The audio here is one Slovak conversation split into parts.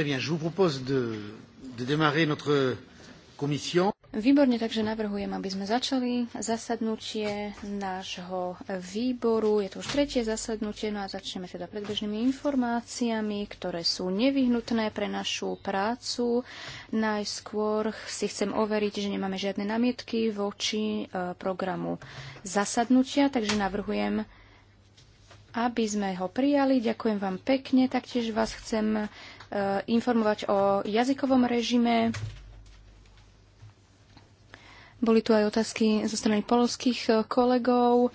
Très bien, je vous propose de, de démarrer notre commission. Výborne, takže navrhujem, aby sme začali zasadnutie nášho výboru. Je to už tretie zasadnutie, no a začneme teda predbežnými informáciami, ktoré sú nevyhnutné pre našu prácu. Najskôr si chcem overiť, že nemáme žiadne namietky voči e, programu zasadnutia, takže navrhujem, aby sme ho prijali. Ďakujem vám pekne, taktiež vás chcem Eh, informovať o jazykovom režime. Boli tu aj otázky zo strany polských eh, kolegov.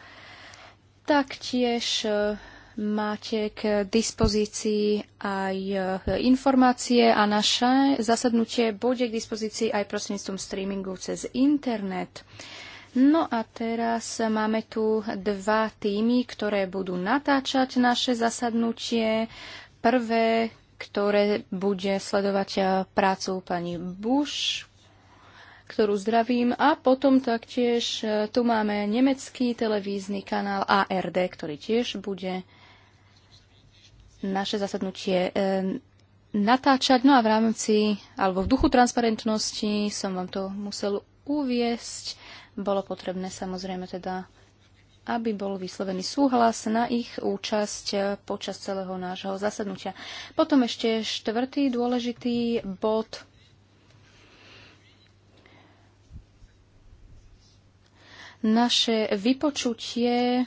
Taktiež eh, máte k dispozícii aj informácie a naše zasadnutie bude k dispozícii aj prostredníctvom streamingu cez internet. No a teraz máme tu dva týmy, ktoré budú natáčať naše zasadnutie. Prvé ktoré bude sledovať eh, prácu pani Bush, ktorú zdravím. A potom taktiež eh, tu máme nemecký televízny kanál ARD, ktorý tiež bude naše zasadnutie eh, natáčať. No a v rámci, alebo v duchu transparentnosti som vám to musel uviesť. Bolo potrebné samozrejme teda aby bol vyslovený súhlas na ich účasť počas celého nášho zasadnutia. Potom ešte štvrtý dôležitý bod. Naše vypočutie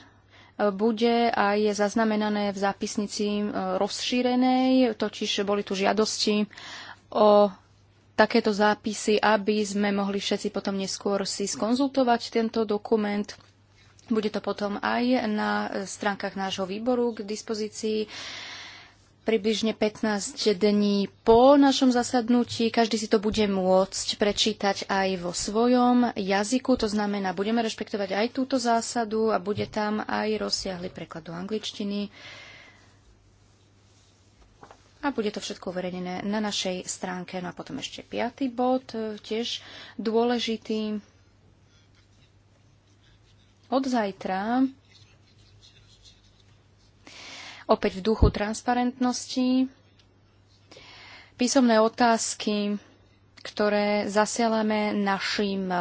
bude a je zaznamenané v zápisnici e, rozšírenej, totiž boli tu žiadosti o takéto zápisy, aby sme mohli všetci potom neskôr si skonzultovať tento dokument bude to potom aj na stránkach nášho výboru k dispozícii približne 15 dní po našom zasadnutí. Každý si to bude môcť prečítať aj vo svojom jazyku. To znamená, budeme rešpektovať aj túto zásadu a bude tam aj rozsiahly preklad do angličtiny. A bude to všetko uverejnené na našej stránke. No a potom ešte piatý bod, tiež dôležitý od zajtra opäť v duchu transparentnosti písomné otázky ktoré zasielame našim e,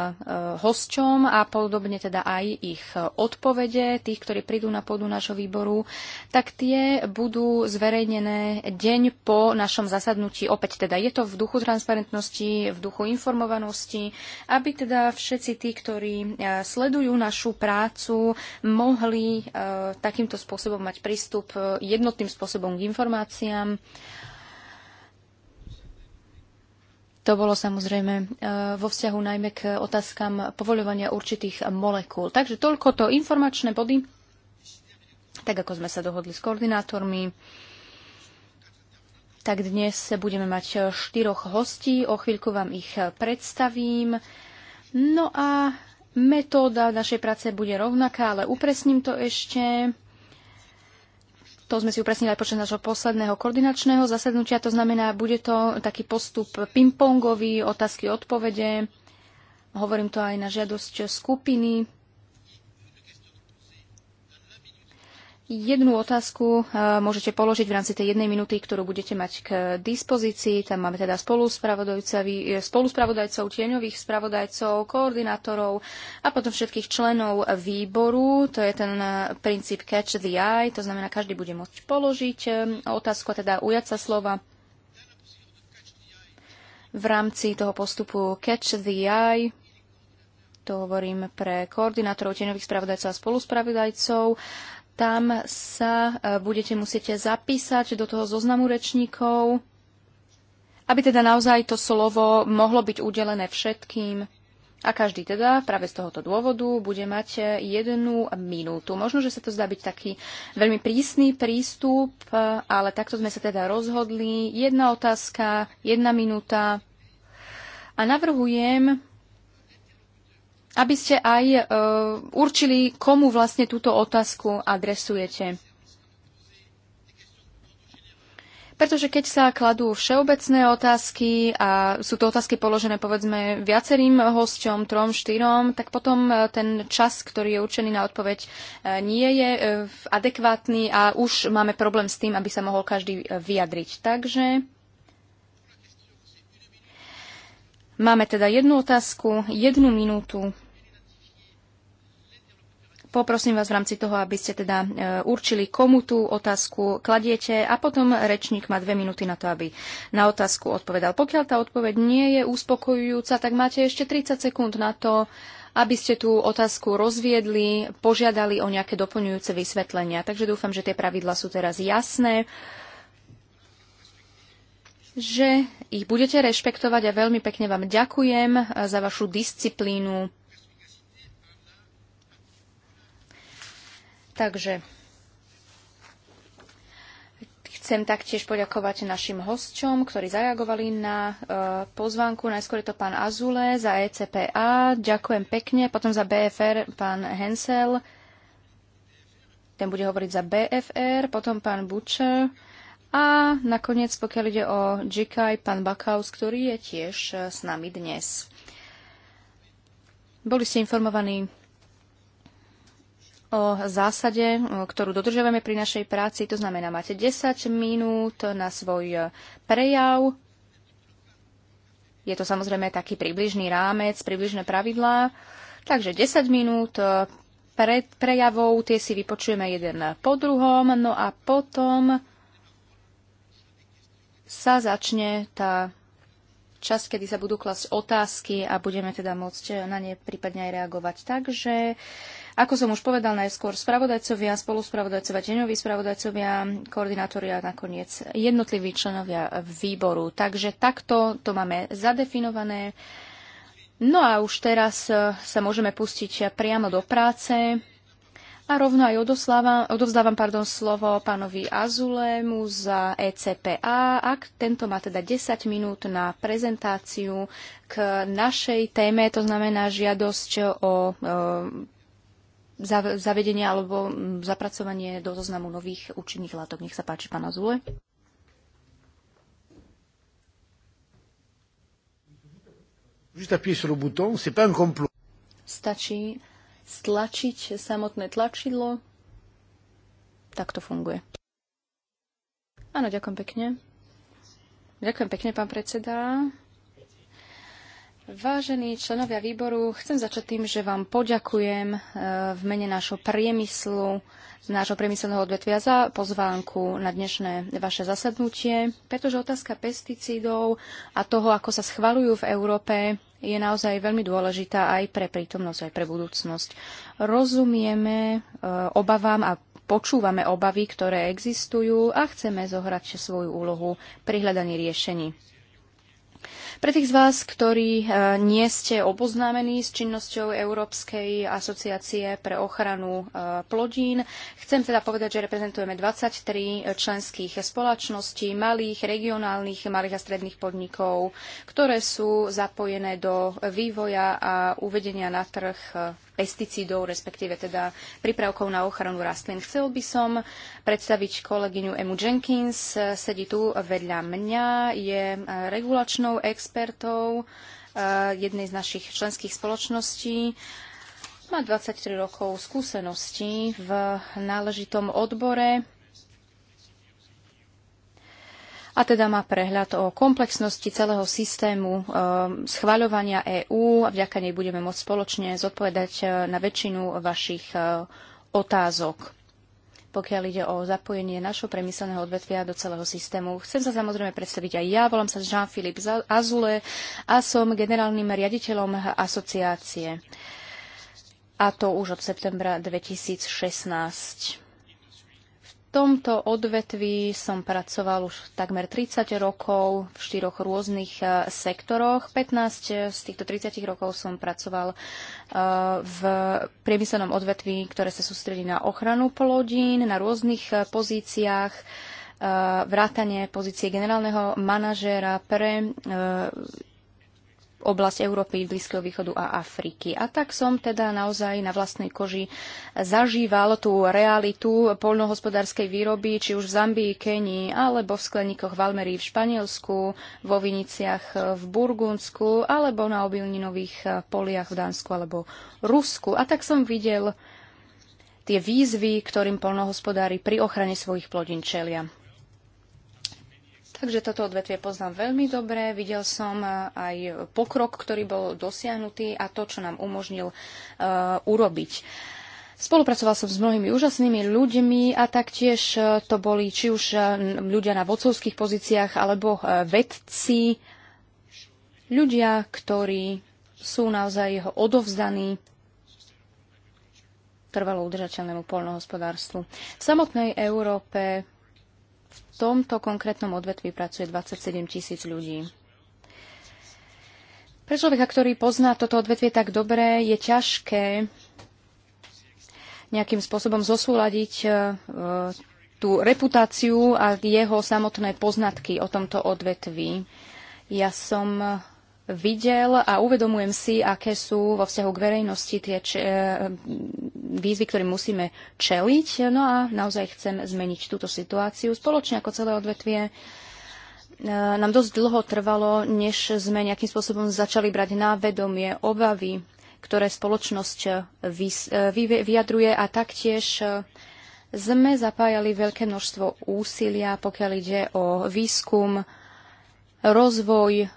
hosťom a podobne teda aj ich odpovede, tých, ktorí prídu na pôdu nášho výboru, tak tie budú zverejnené deň po našom zasadnutí. Opäť teda je to v duchu transparentnosti, v duchu informovanosti, aby teda všetci tí, ktorí e, sledujú našu prácu, mohli e, takýmto spôsobom mať prístup jednotným spôsobom k informáciám to bolo samozrejme e, vo vzťahu najmä k otázkam povoľovania určitých molekúl. Takže toľko to informačné body, tak ako sme sa dohodli s koordinátormi. Tak dnes budeme mať štyroch hostí, o chvíľku vám ich predstavím. No a metóda našej práce bude rovnaká, ale upresním to ešte. To sme si upresnili aj počas nášho posledného koordinačného zasadnutia. To znamená, bude to taký postup pingpongový, otázky, odpovede. Hovorím to aj na žiadosť skupiny Jednu otázku e, môžete položiť v rámci tej jednej minúty, ktorú budete mať k dispozícii. Tam máme teda e, spoluspravodajcov, tieňových spravodajcov, koordinátorov a potom všetkých členov výboru. To je ten e, princíp catch the eye, to znamená, každý bude môcť položiť otázku a teda ujať sa slova v rámci toho postupu catch the eye to hovorím pre koordinátorov tieňových spravodajcov a spoluspravodajcov. Tam sa e, budete musíte zapísať do toho zoznamu rečníkov, aby teda naozaj to slovo mohlo byť udelené všetkým. A každý teda práve z tohoto dôvodu bude mať e, jednu minútu. Možno, že sa to zdá byť taký veľmi prísny prístup, e, ale takto sme sa teda rozhodli. Jedna otázka, jedna minúta. A navrhujem, aby ste aj e, určili, komu vlastne túto otázku adresujete. Pretože keď sa kladú všeobecné otázky a sú to otázky položené povedzme viacerým hosťom, trom, štyrom, tak potom e, ten čas, ktorý je určený na odpoveď, e, nie je adekvátny a už máme problém s tým, aby sa mohol každý vyjadriť. Takže máme teda jednu otázku, jednu minútu Poprosím vás v rámci toho, aby ste teda e, určili, komu tú otázku kladiete a potom rečník má dve minúty na to, aby na otázku odpovedal. Pokiaľ tá odpoveď nie je uspokojujúca, tak máte ešte 30 sekúnd na to, aby ste tú otázku rozviedli, požiadali o nejaké doplňujúce vysvetlenia. Takže dúfam, že tie pravidla sú teraz jasné že ich budete rešpektovať a veľmi pekne vám ďakujem za vašu disciplínu Takže Chcem taktiež poďakovať našim hosťom, ktorí zareagovali na e, pozvánku. Najskôr je to pán Azule za ECPA, ďakujem pekne, potom za BFR pán Hensel, ten bude hovoriť za BFR, potom pán Butcher a nakoniec, pokiaľ ide o GKI, pán Bakaus, ktorý je tiež e, s nami dnes. Boli ste informovaní o zásade, ktorú dodržujeme pri našej práci. To znamená, máte 10 minút na svoj prejav. Je to samozrejme taký približný rámec, približné pravidlá. Takže 10 minút e, pred prejavou tie si vypočujeme jeden po druhom, no a potom sa začne tá čas, kedy sa budú klasť otázky a budeme teda môcť na ne prípadne aj reagovať. Takže ako som už povedal, najskôr spravodajcovia, spoluspravodajcovia, deňoví spravodajcovia, koordinátori a nakoniec jednotliví členovia výboru. Takže takto to máme zadefinované. No a už teraz eh, sa môžeme pustiť priamo do práce. A rovno aj odovzdávam pardon, slovo pánovi Azulému za ECPA. Ak tento má teda 10 minút na prezentáciu k našej téme, to znamená žiadosť o e, zavedenie alebo mm, zapracovanie do zoznamu nových účinných látok. Nech sa páči, pána Zule. Stačí stlačiť samotné tlačidlo. Tak to funguje. Áno, ďakujem pekne. Ďakujem pekne, pán predseda. Vážení členovia výboru, chcem začať tým, že vám poďakujem eh, v mene nášho priemyslu, z nášho priemyselného odvetvia za pozvánku na dnešné vaše zasadnutie, pretože otázka pesticídov a toho, ako sa schvalujú v Európe, je naozaj veľmi dôležitá aj pre prítomnosť, aj pre budúcnosť. Rozumieme eh, obavám a počúvame obavy, ktoré existujú a chceme zohrať svoju úlohu pri hľadaní riešení. Pre tých z vás, ktorí e, nie ste oboznámení s činnosťou Európskej asociácie pre ochranu e, plodín, chcem teda povedať, že reprezentujeme 23 členských spoločností, malých, regionálnych, malých a stredných podnikov, ktoré sú zapojené do vývoja a uvedenia na trh e, pesticídov, respektíve teda prípravkov na ochranu rastlín. Chcel by som predstaviť kolegyňu Emu Jenkins, sedí tu vedľa mňa, je eh, regulačnou expertou eh, jednej z našich členských spoločností. Má 23 rokov skúseností v náležitom odbore a teda má prehľad o komplexnosti celého systému eh, schvaľovania EÚ a vďaka nej budeme môcť spoločne zodpovedať eh, na väčšinu vašich eh, otázok pokiaľ ide o zapojenie našho premysleného odvetvia do celého systému. Chcem sa samozrejme predstaviť aj ja, volám sa Jean-Philippe Azule a som generálnym riaditeľom asociácie. A to už od septembra 2016 tomto odvetví som pracoval už takmer 30 rokov v štyroch rôznych e, sektoroch. 15 z týchto 30 rokov som pracoval e, v priemyselnom odvetví, ktoré sa sústredí na ochranu plodín, na rôznych e, pozíciách vrátanie pozície generálneho manažéra pre oblasť Európy, Blízkeho východu a Afriky. A tak som teda naozaj na vlastnej koži zažíval tú realitu poľnohospodárskej výroby, či už v Zambii, Kenii, alebo v skleníkoch v Almerii v Španielsku, vo Viniciach v Burgundsku, alebo na obilninových eh, poliach v Dánsku alebo Rusku. A tak som videl tie výzvy, ktorým polnohospodári pri ochrane svojich plodín čelia. Takže toto odvetvie poznám veľmi dobre. Videl som e, aj pokrok, ktorý bol dosiahnutý a to, čo nám umožnil uh, urobiť. Spolupracoval som s mnohými úžasnými ľuďmi a taktiež e, to boli či už ľudia na vodcovských pozíciách alebo vedci, ľudia, ktorí sú naozaj jeho odovzdaní trvalo udržateľnému poľnohospodárstvu. V samotnej Európe v tomto konkrétnom odvetvi pracuje 27 tisíc ľudí. Pre človeka, ktorý pozná toto odvetvie tak dobre, je ťažké nejakým spôsobom zosúľadiť e, tú reputáciu a jeho samotné poznatky o tomto odvetví. Ja som videl a uvedomujem si, aké sú vo vzťahu k verejnosti tie č- e, výzvy, ktorým musíme čeliť. No a naozaj chcem zmeniť túto situáciu spoločne ako celé odvetvie e, nám dosť dlho trvalo, než sme nejakým spôsobom začali brať na vedomie obavy, ktoré spoločnosť e, vyjadruje a taktiež sme zapájali veľké množstvo úsilia, pokiaľ ide o výskum, rozvoj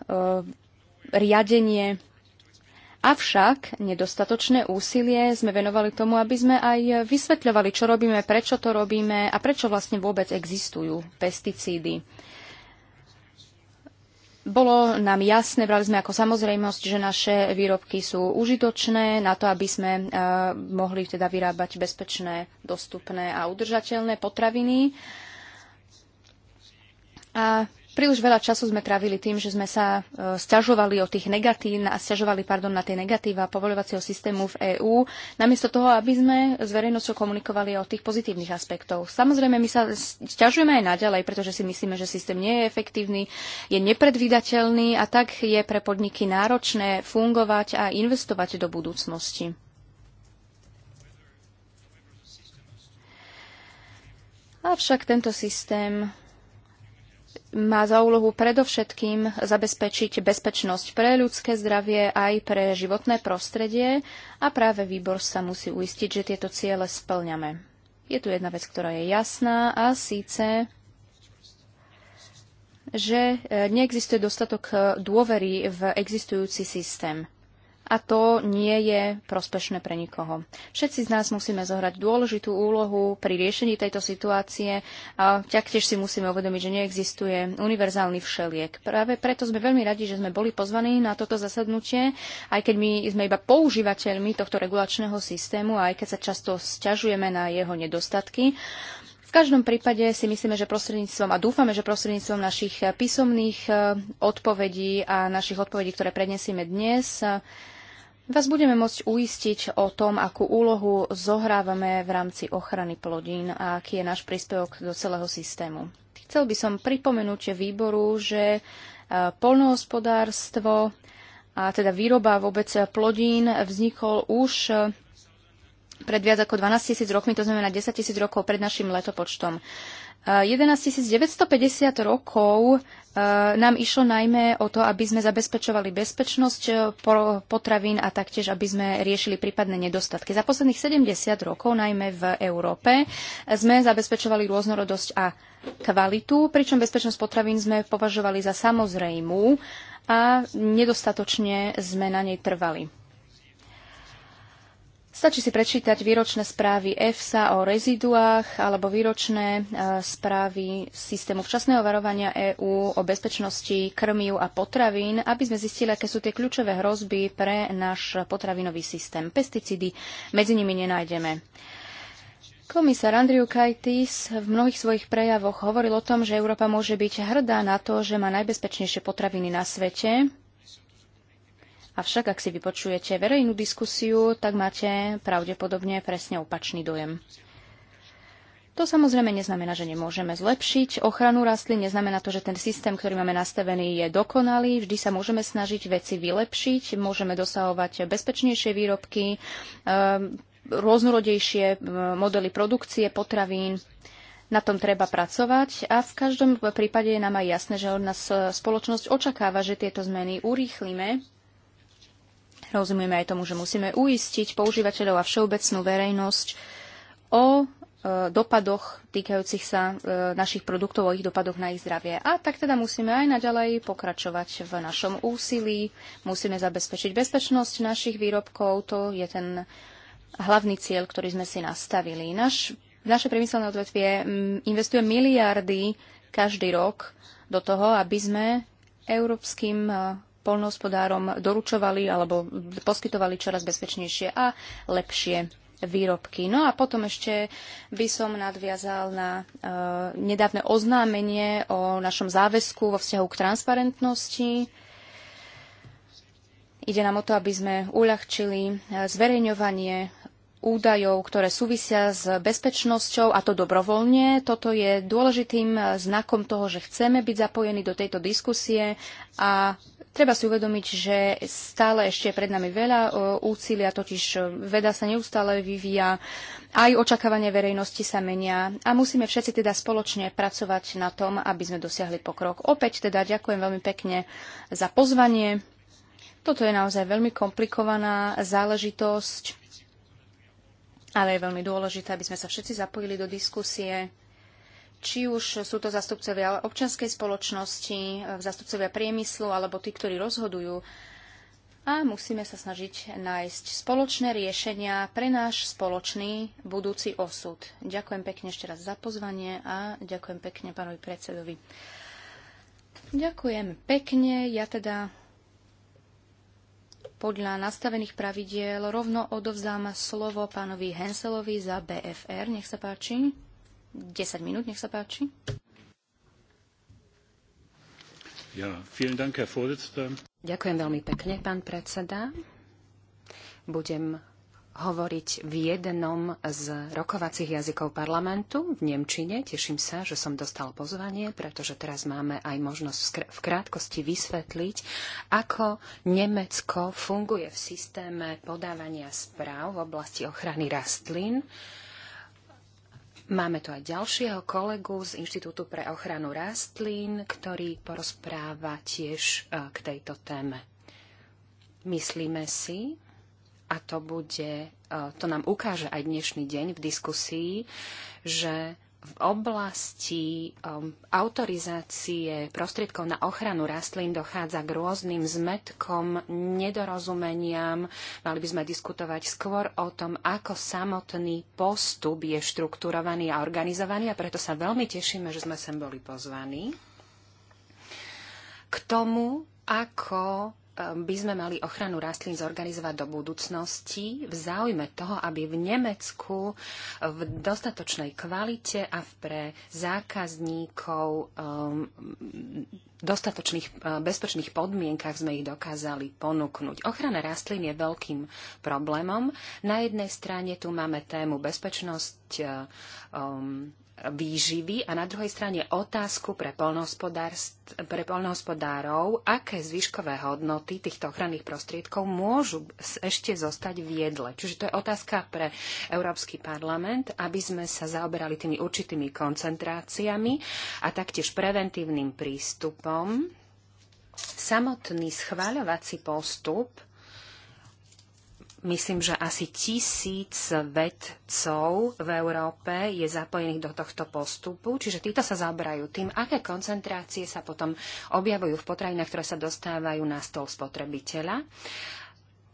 riadenie. Avšak nedostatočné úsilie sme venovali tomu, aby sme aj vysvetľovali, čo robíme, prečo to robíme a prečo vlastne vôbec existujú pesticídy. Bolo nám jasné, brali sme ako samozrejmosť, že naše výrobky sú užitočné na to, aby sme eh, mohli teda vyrábať bezpečné, dostupné a udržateľné potraviny. A Príliš veľa času sme trávili tým, že sme sa e, sťažovali o tých negatív, a sťažovali pardon, na tie negatíva povoľovacieho systému v EÚ, namiesto toho, aby sme s verejnosťou komunikovali o tých pozitívnych aspektov. Samozrejme, my sa sťažujeme aj naďalej, pretože si myslíme, že systém nie je efektívny, je nepredvídateľný a tak je pre podniky náročné fungovať a investovať do budúcnosti. Avšak tento systém má za úlohu predovšetkým zabezpečiť bezpečnosť pre ľudské zdravie aj pre životné prostredie a práve výbor sa musí uistiť, že tieto ciele splňame. Je tu jedna vec, ktorá je jasná a síce že neexistuje dostatok dôvery v existujúci systém a to nie je prospešné pre nikoho. Všetci z nás musíme zohrať dôležitú úlohu pri riešení tejto situácie a taktiež si musíme uvedomiť, že neexistuje univerzálny všeliek. Práve preto sme veľmi radi, že sme boli pozvaní na toto zasadnutie, aj keď my sme iba používateľmi tohto regulačného systému a aj keď sa často sťažujeme na jeho nedostatky. V každom prípade si myslíme, že prostredníctvom a dúfame, že prostredníctvom našich písomných eh, odpovedí a našich odpovedí, ktoré prednesieme dnes, vás budeme môcť uistiť o tom, akú úlohu zohrávame v rámci ochrany plodín a aký je náš príspevok do celého systému. Chcel by som pripomenúť výboru, že e, polnohospodárstvo a teda výroba vôbec plodín vznikol už e, pred viac ako 12 tisíc rokmi, to znamená 10 tisíc rokov pred našim letopočtom. 11 950 rokov e, nám išlo najmä o to, aby sme zabezpečovali bezpečnosť e, potravín a taktiež, aby sme riešili prípadné nedostatky. Za posledných 70 rokov, najmä v Európe, sme zabezpečovali rôznorodosť a kvalitu, pričom bezpečnosť potravín sme považovali za samozrejmú a nedostatočne sme na nej trvali. Stačí si prečítať výročné správy EFSA o reziduách alebo výročné e, správy systému včasného varovania EÚ o bezpečnosti krmiu a potravín, aby sme zistili, aké sú tie kľúčové hrozby pre náš potravinový systém. Pesticídy medzi nimi nenájdeme. Komisár Andriu Kajtis v mnohých svojich prejavoch hovoril o tom, že Európa môže byť hrdá na to, že má najbezpečnejšie potraviny na svete, Avšak, ak si vypočujete verejnú diskusiu, tak máte pravdepodobne presne opačný dojem. To samozrejme neznamená, že nemôžeme zlepšiť ochranu rastlín, neznamená to, že ten systém, ktorý máme nastavený, je dokonalý. Vždy sa môžeme snažiť veci vylepšiť, môžeme dosahovať bezpečnejšie výrobky, e, rôznorodejšie e, modely produkcie potravín. Na tom treba pracovať a v každom prípade je nám aj jasné, že od nás e, spoločnosť očakáva, že tieto zmeny urýchlime Rozumieme aj tomu, že musíme uistiť používateľov a všeobecnú verejnosť o e, dopadoch týkajúcich sa e, našich produktov, o ich dopadoch na ich zdravie. A tak teda musíme aj naďalej pokračovať v našom úsilí, musíme zabezpečiť bezpečnosť našich výrobkov, to je ten hlavný cieľ, ktorý sme si nastavili. Naš, naše priemyselné odvetvie investuje miliardy každý rok do toho, aby sme európskym e, polnohospodárom doručovali alebo poskytovali čoraz bezpečnejšie a lepšie výrobky. No a potom ešte by som nadviazal na e, nedávne oznámenie o našom záväzku vo vzťahu k transparentnosti. Ide nám o to, aby sme uľahčili eh, zverejňovanie údajov, ktoré súvisia s bezpečnosťou, a to dobrovoľne. Toto je dôležitým eh, znakom toho, že chceme byť zapojení do tejto diskusie a Treba si uvedomiť, že stále ešte je pred nami veľa e, úsilia, totiž e, veda sa neustále vyvíja, aj očakávanie verejnosti sa menia a musíme všetci teda spoločne pracovať na tom, aby sme dosiahli pokrok. Opäť teda ďakujem veľmi pekne za pozvanie. Toto je naozaj veľmi komplikovaná záležitosť, ale je veľmi dôležité, aby sme sa všetci zapojili do diskusie či už sú to zastupcovia občianskej spoločnosti, e, zastupcovia priemyslu alebo tí, ktorí rozhodujú. A musíme sa snažiť nájsť spoločné riešenia pre náš spoločný budúci osud. Ďakujem pekne ešte raz za pozvanie a ďakujem pekne pánovi predsedovi. Ďakujem pekne. Ja teda podľa nastavených pravidiel rovno odovzdám slovo pánovi Henselovi za BFR. Nech sa páči. 10 minút, nech sa páči. Ja, Dank, Ďakujem veľmi pekne, pán predseda. Budem hovoriť v jednom z rokovacích jazykov parlamentu v Nemčine. Teším sa, že som dostal pozvanie, pretože teraz máme aj možnosť v krátkosti vysvetliť, ako Nemecko funguje v systéme podávania správ v oblasti ochrany rastlín. Uh, Máme tu aj ďalšieho kolegu z Inštitútu pre ochranu rastlín, ktorý porozpráva tiež e, k tejto téme. Myslíme si, a to bude, e, to nám ukáže aj dnešný deň v diskusii, že v oblasti um, autorizácie prostriedkov na ochranu rastlín dochádza k rôznym zmetkom, nedorozumeniam. Mali by sme diskutovať skôr o tom, ako samotný postup je štrukturovaný a organizovaný a preto sa veľmi tešíme, že sme sem boli pozvaní. K tomu, ako by sme mali ochranu rastlín zorganizovať do budúcnosti v záujme toho, aby v Nemecku v dostatočnej kvalite a pre zákazníkov um, dostatočných uh, bezpečných podmienkach sme ich dokázali ponúknuť. Ochrana rastlín je veľkým problémom. Na jednej strane tu máme tému bezpečnosť uh, um, výživy a na druhej strane otázku pre, pre polnohospodárov, aké zvyškové hodnoty týchto ochranných prostriedkov môžu ešte zostať v jedle. Čiže to je otázka pre Európsky parlament, aby sme sa zaoberali tými určitými koncentráciami a taktiež preventívnym prístupom. Samotný schváľovací postup myslím, že asi tisíc vedcov v Európe je zapojených do tohto postupu, čiže títo sa zaberajú tým, aké koncentrácie sa potom objavujú v potravinách, ktoré sa dostávajú na stôl spotrebiteľa.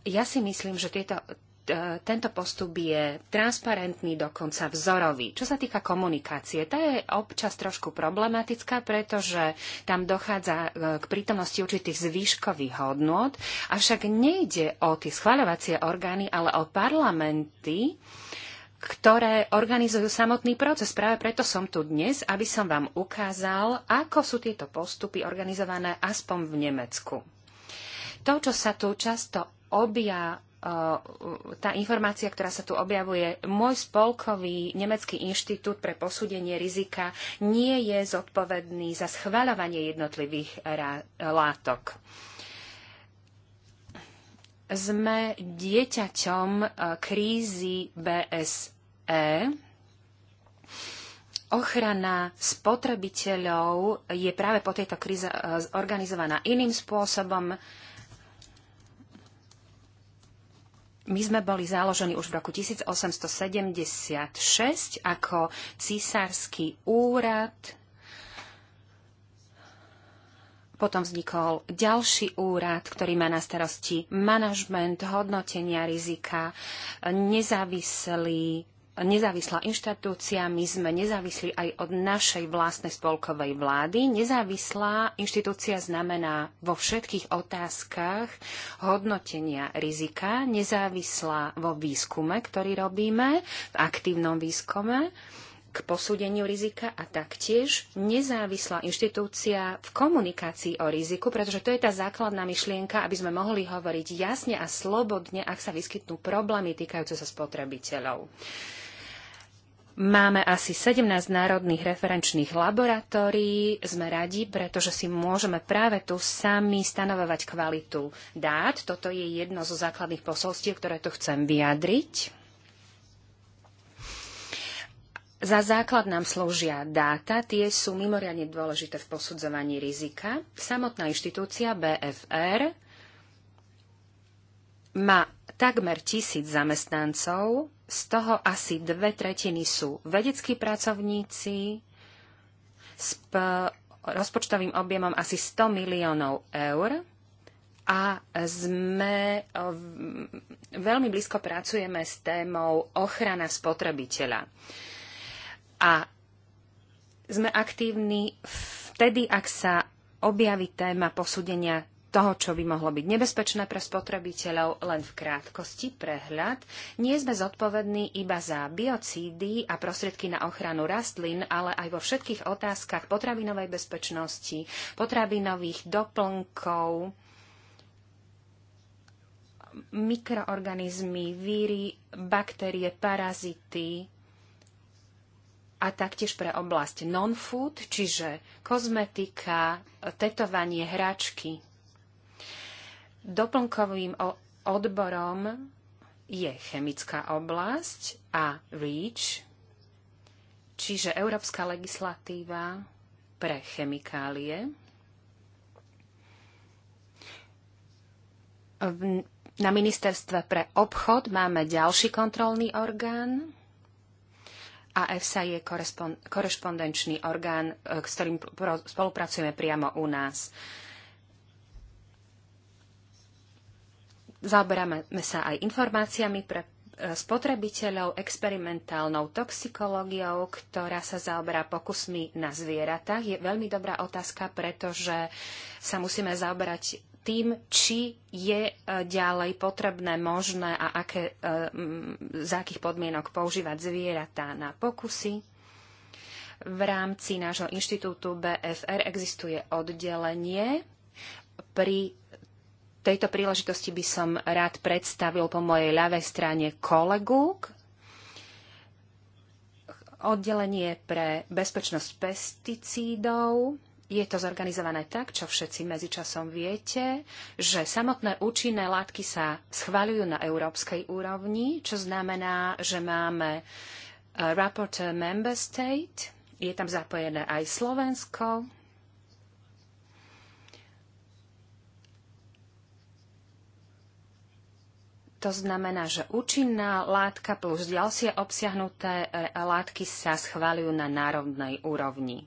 Ja si myslím, že tieto tento postup je transparentný, dokonca vzorový. Čo sa týka komunikácie, tá je občas trošku problematická, pretože tam dochádza e, k prítomnosti určitých zvýškových hodnot, avšak nejde o tie schvaľovacie orgány, ale o parlamenty, ktoré organizujú samotný proces. Práve preto som tu dnes, aby som vám ukázal, ako sú tieto postupy organizované aspoň v Nemecku. To, čo sa tu často obja, E, tá informácia, ktorá sa tu objavuje, môj spolkový nemecký inštitút pre posúdenie rizika nie je zodpovedný za schváľovanie jednotlivých látok. Sme dieťaťom e, krízy BSE. Ochrana spotrebiteľov je práve po tejto kríze e, organizovaná iným spôsobom my sme boli založení už v roku 1876 ako císarský úrad. Potom vznikol ďalší úrad, ktorý má na starosti manažment, hodnotenia rizika, nezávislý nezávislá inštitúcia, my sme nezávislí aj od našej vlastnej spolkovej vlády. Nezávislá inštitúcia znamená vo všetkých otázkach hodnotenia rizika, nezávislá vo výskume, ktorý robíme, v aktívnom výskume k posúdeniu rizika a taktiež nezávislá inštitúcia v komunikácii o riziku, pretože to je tá základná myšlienka, aby sme mohli hovoriť jasne a slobodne, ak sa vyskytnú problémy týkajúce sa spotrebiteľov. Máme asi 17 národných referenčných laboratórií. Sme radi, pretože si môžeme práve tu sami stanovovať kvalitu dát. Toto je jedno zo základných posolstiev, ktoré tu chcem vyjadriť. Za základ nám slúžia dáta, tie sú mimoriadne dôležité v posudzovaní rizika. Samotná inštitúcia BFR má takmer tisíc zamestnancov, z toho asi dve tretiny sú vedeckí pracovníci s rozpočtovým objemom asi 100 miliónov eur a sme veľmi blízko pracujeme s témou ochrana spotrebiteľa. A sme aktívni vtedy, ak sa objaví téma posúdenia toho, čo by mohlo byť nebezpečné pre spotrebiteľov, len v krátkosti prehľad. Nie sme zodpovední iba za biocídy a prostriedky na ochranu rastlín, ale aj vo všetkých otázkach potravinovej bezpečnosti, potravinových doplnkov, mikroorganizmy, víry, baktérie, parazity, a taktiež pre oblasť non-food, čiže kozmetika, tetovanie, hračky. Doplnkovým odborom je chemická oblasť a REACH, čiže Európska legislatíva pre chemikálie. Na ministerstve pre obchod máme ďalší kontrolný orgán a EFSA je korešpondenčný orgán, e, s ktorým spolupracujeme priamo u nás. zaoberáme sa aj informáciami pre e, spotrebiteľov experimentálnou toxikológiou, ktorá sa zaoberá pokusmi na zvieratách. Je veľmi dobrá otázka, pretože sa musíme zaoberať tým, či je e, ďalej potrebné, možné a aké, e, za akých podmienok používať zvieratá na pokusy. V rámci nášho inštitútu BFR existuje oddelenie pri tejto príležitosti by som rád predstavil po mojej ľavej strane kolegu, oddelenie pre bezpečnosť pesticídov. Je to zorganizované tak, čo všetci medzičasom viete, že samotné účinné látky sa schváľujú na európskej úrovni, čo znamená, že máme eh, Rapporteur Member State, je tam zapojené aj Slovensko, To znamená, že účinná látka plus ďalšie obsiahnuté e, látky sa schváľujú na národnej úrovni.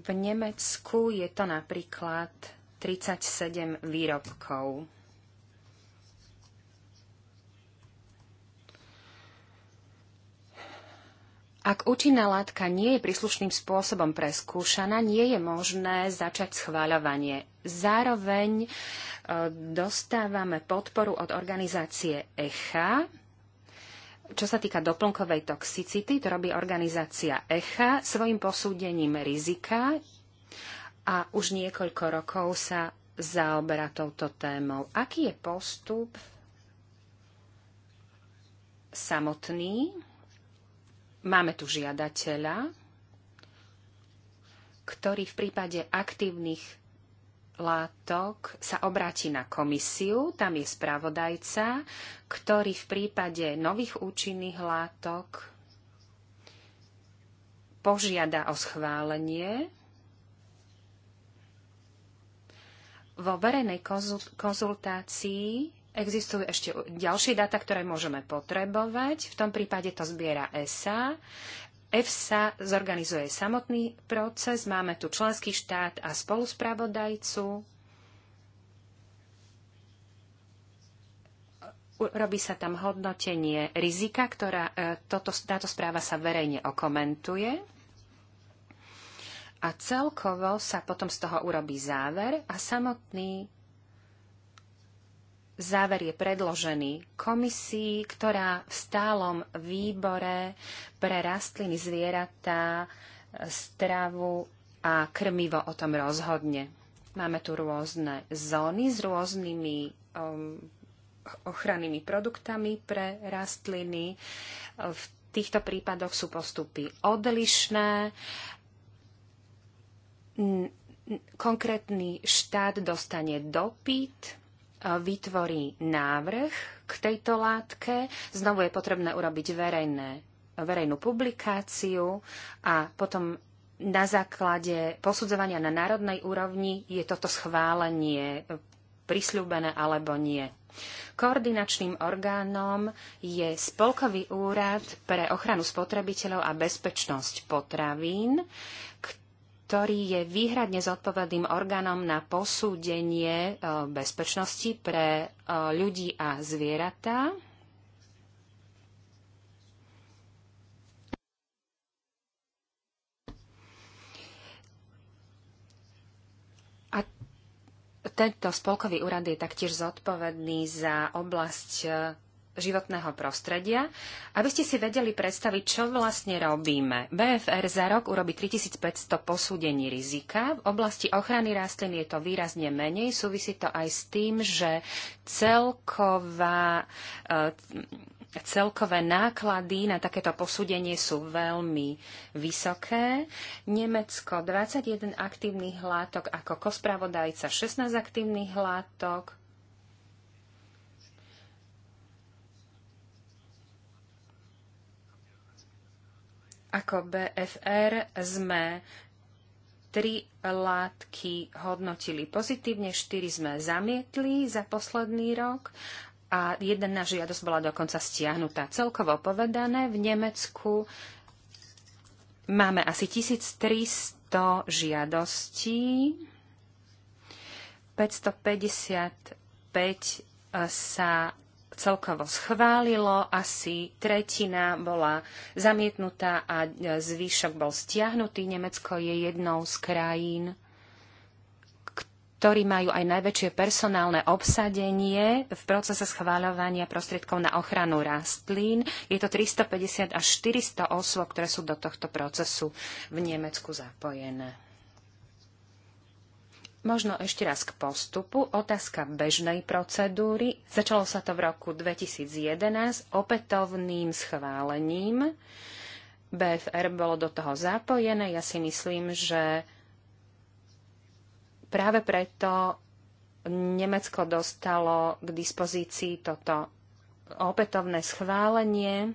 V Nemecku je to napríklad 37 výrobkov. Ak účinná látka nie je príslušným spôsobom preskúšaná, nie je možné začať schváľovanie. Zároveň e, dostávame podporu od organizácie ECHA. Čo sa týka doplnkovej toxicity, to robí organizácia ECHA svojim posúdením rizika a už niekoľko rokov sa zaoberá touto témou. Aký je postup samotný? Máme tu žiadateľa, ktorý v prípade aktívnych látok sa obráti na komisiu, tam je spravodajca, ktorý v prípade nových účinných látok požiada o schválenie. Vo verejnej konzultácii existujú ešte ďalšie dáta, ktoré môžeme potrebovať. V tom prípade to zbiera ESA. EFSA zorganizuje samotný proces. Máme tu členský štát a spoluspravodajcu. Robí sa tam hodnotenie rizika, ktorá e, toto, táto správa sa verejne okomentuje a celkovo sa potom z toho urobí záver a samotný záver je predložený komisii, ktorá v stálom výbore pre rastliny zvieratá, stravu a krmivo o tom rozhodne. Máme tu rôzne zóny s rôznymi um, ochrannými produktami pre rastliny. V týchto prípadoch sú postupy odlišné konkrétny štát dostane dopyt vytvorí návrh k tejto látke. Znovu je potrebné urobiť verejné, verejnú publikáciu a potom na základe posudzovania na národnej úrovni je toto schválenie prisľúbené alebo nie. Koordinačným orgánom je Spolkový úrad pre ochranu spotrebiteľov a bezpečnosť potravín, ktorý je výhradne zodpovedným orgánom na posúdenie e, bezpečnosti pre e, ľudí a zvieratá. A tento spolkový úrad je taktiež zodpovedný za oblasť e, životného prostredia, aby ste si vedeli predstaviť, čo vlastne robíme. BFR za rok urobí 3500 posúdení rizika. V oblasti ochrany rastlín je to výrazne menej. Súvisí to aj s tým, že celková, e, celkové náklady na takéto posúdenie sú veľmi vysoké. Nemecko 21 aktívnych látok ako kospravodajca 16 aktívnych látok, Ako BFR sme tri látky hodnotili pozitívne, štyri sme zamietli za posledný rok a jedna na žiadosť bola dokonca stiahnutá. Celkovo povedané v Nemecku máme asi 1300 žiadostí, 555 sa celkovo schválilo, asi tretina bola zamietnutá a e, zvyšok bol stiahnutý. Nemecko je jednou z krajín, ktorí majú aj najväčšie personálne obsadenie v procese schváľovania prostriedkov na ochranu rastlín. Je to 350 až 400 osôb, ktoré sú do tohto procesu v Nemecku zapojené. Možno ešte raz k postupu. Otázka bežnej procedúry. Začalo sa to v roku 2011 opätovným schválením. BFR bolo do toho zapojené. Ja si myslím, že práve preto Nemecko dostalo k dispozícii toto opätovné schválenie.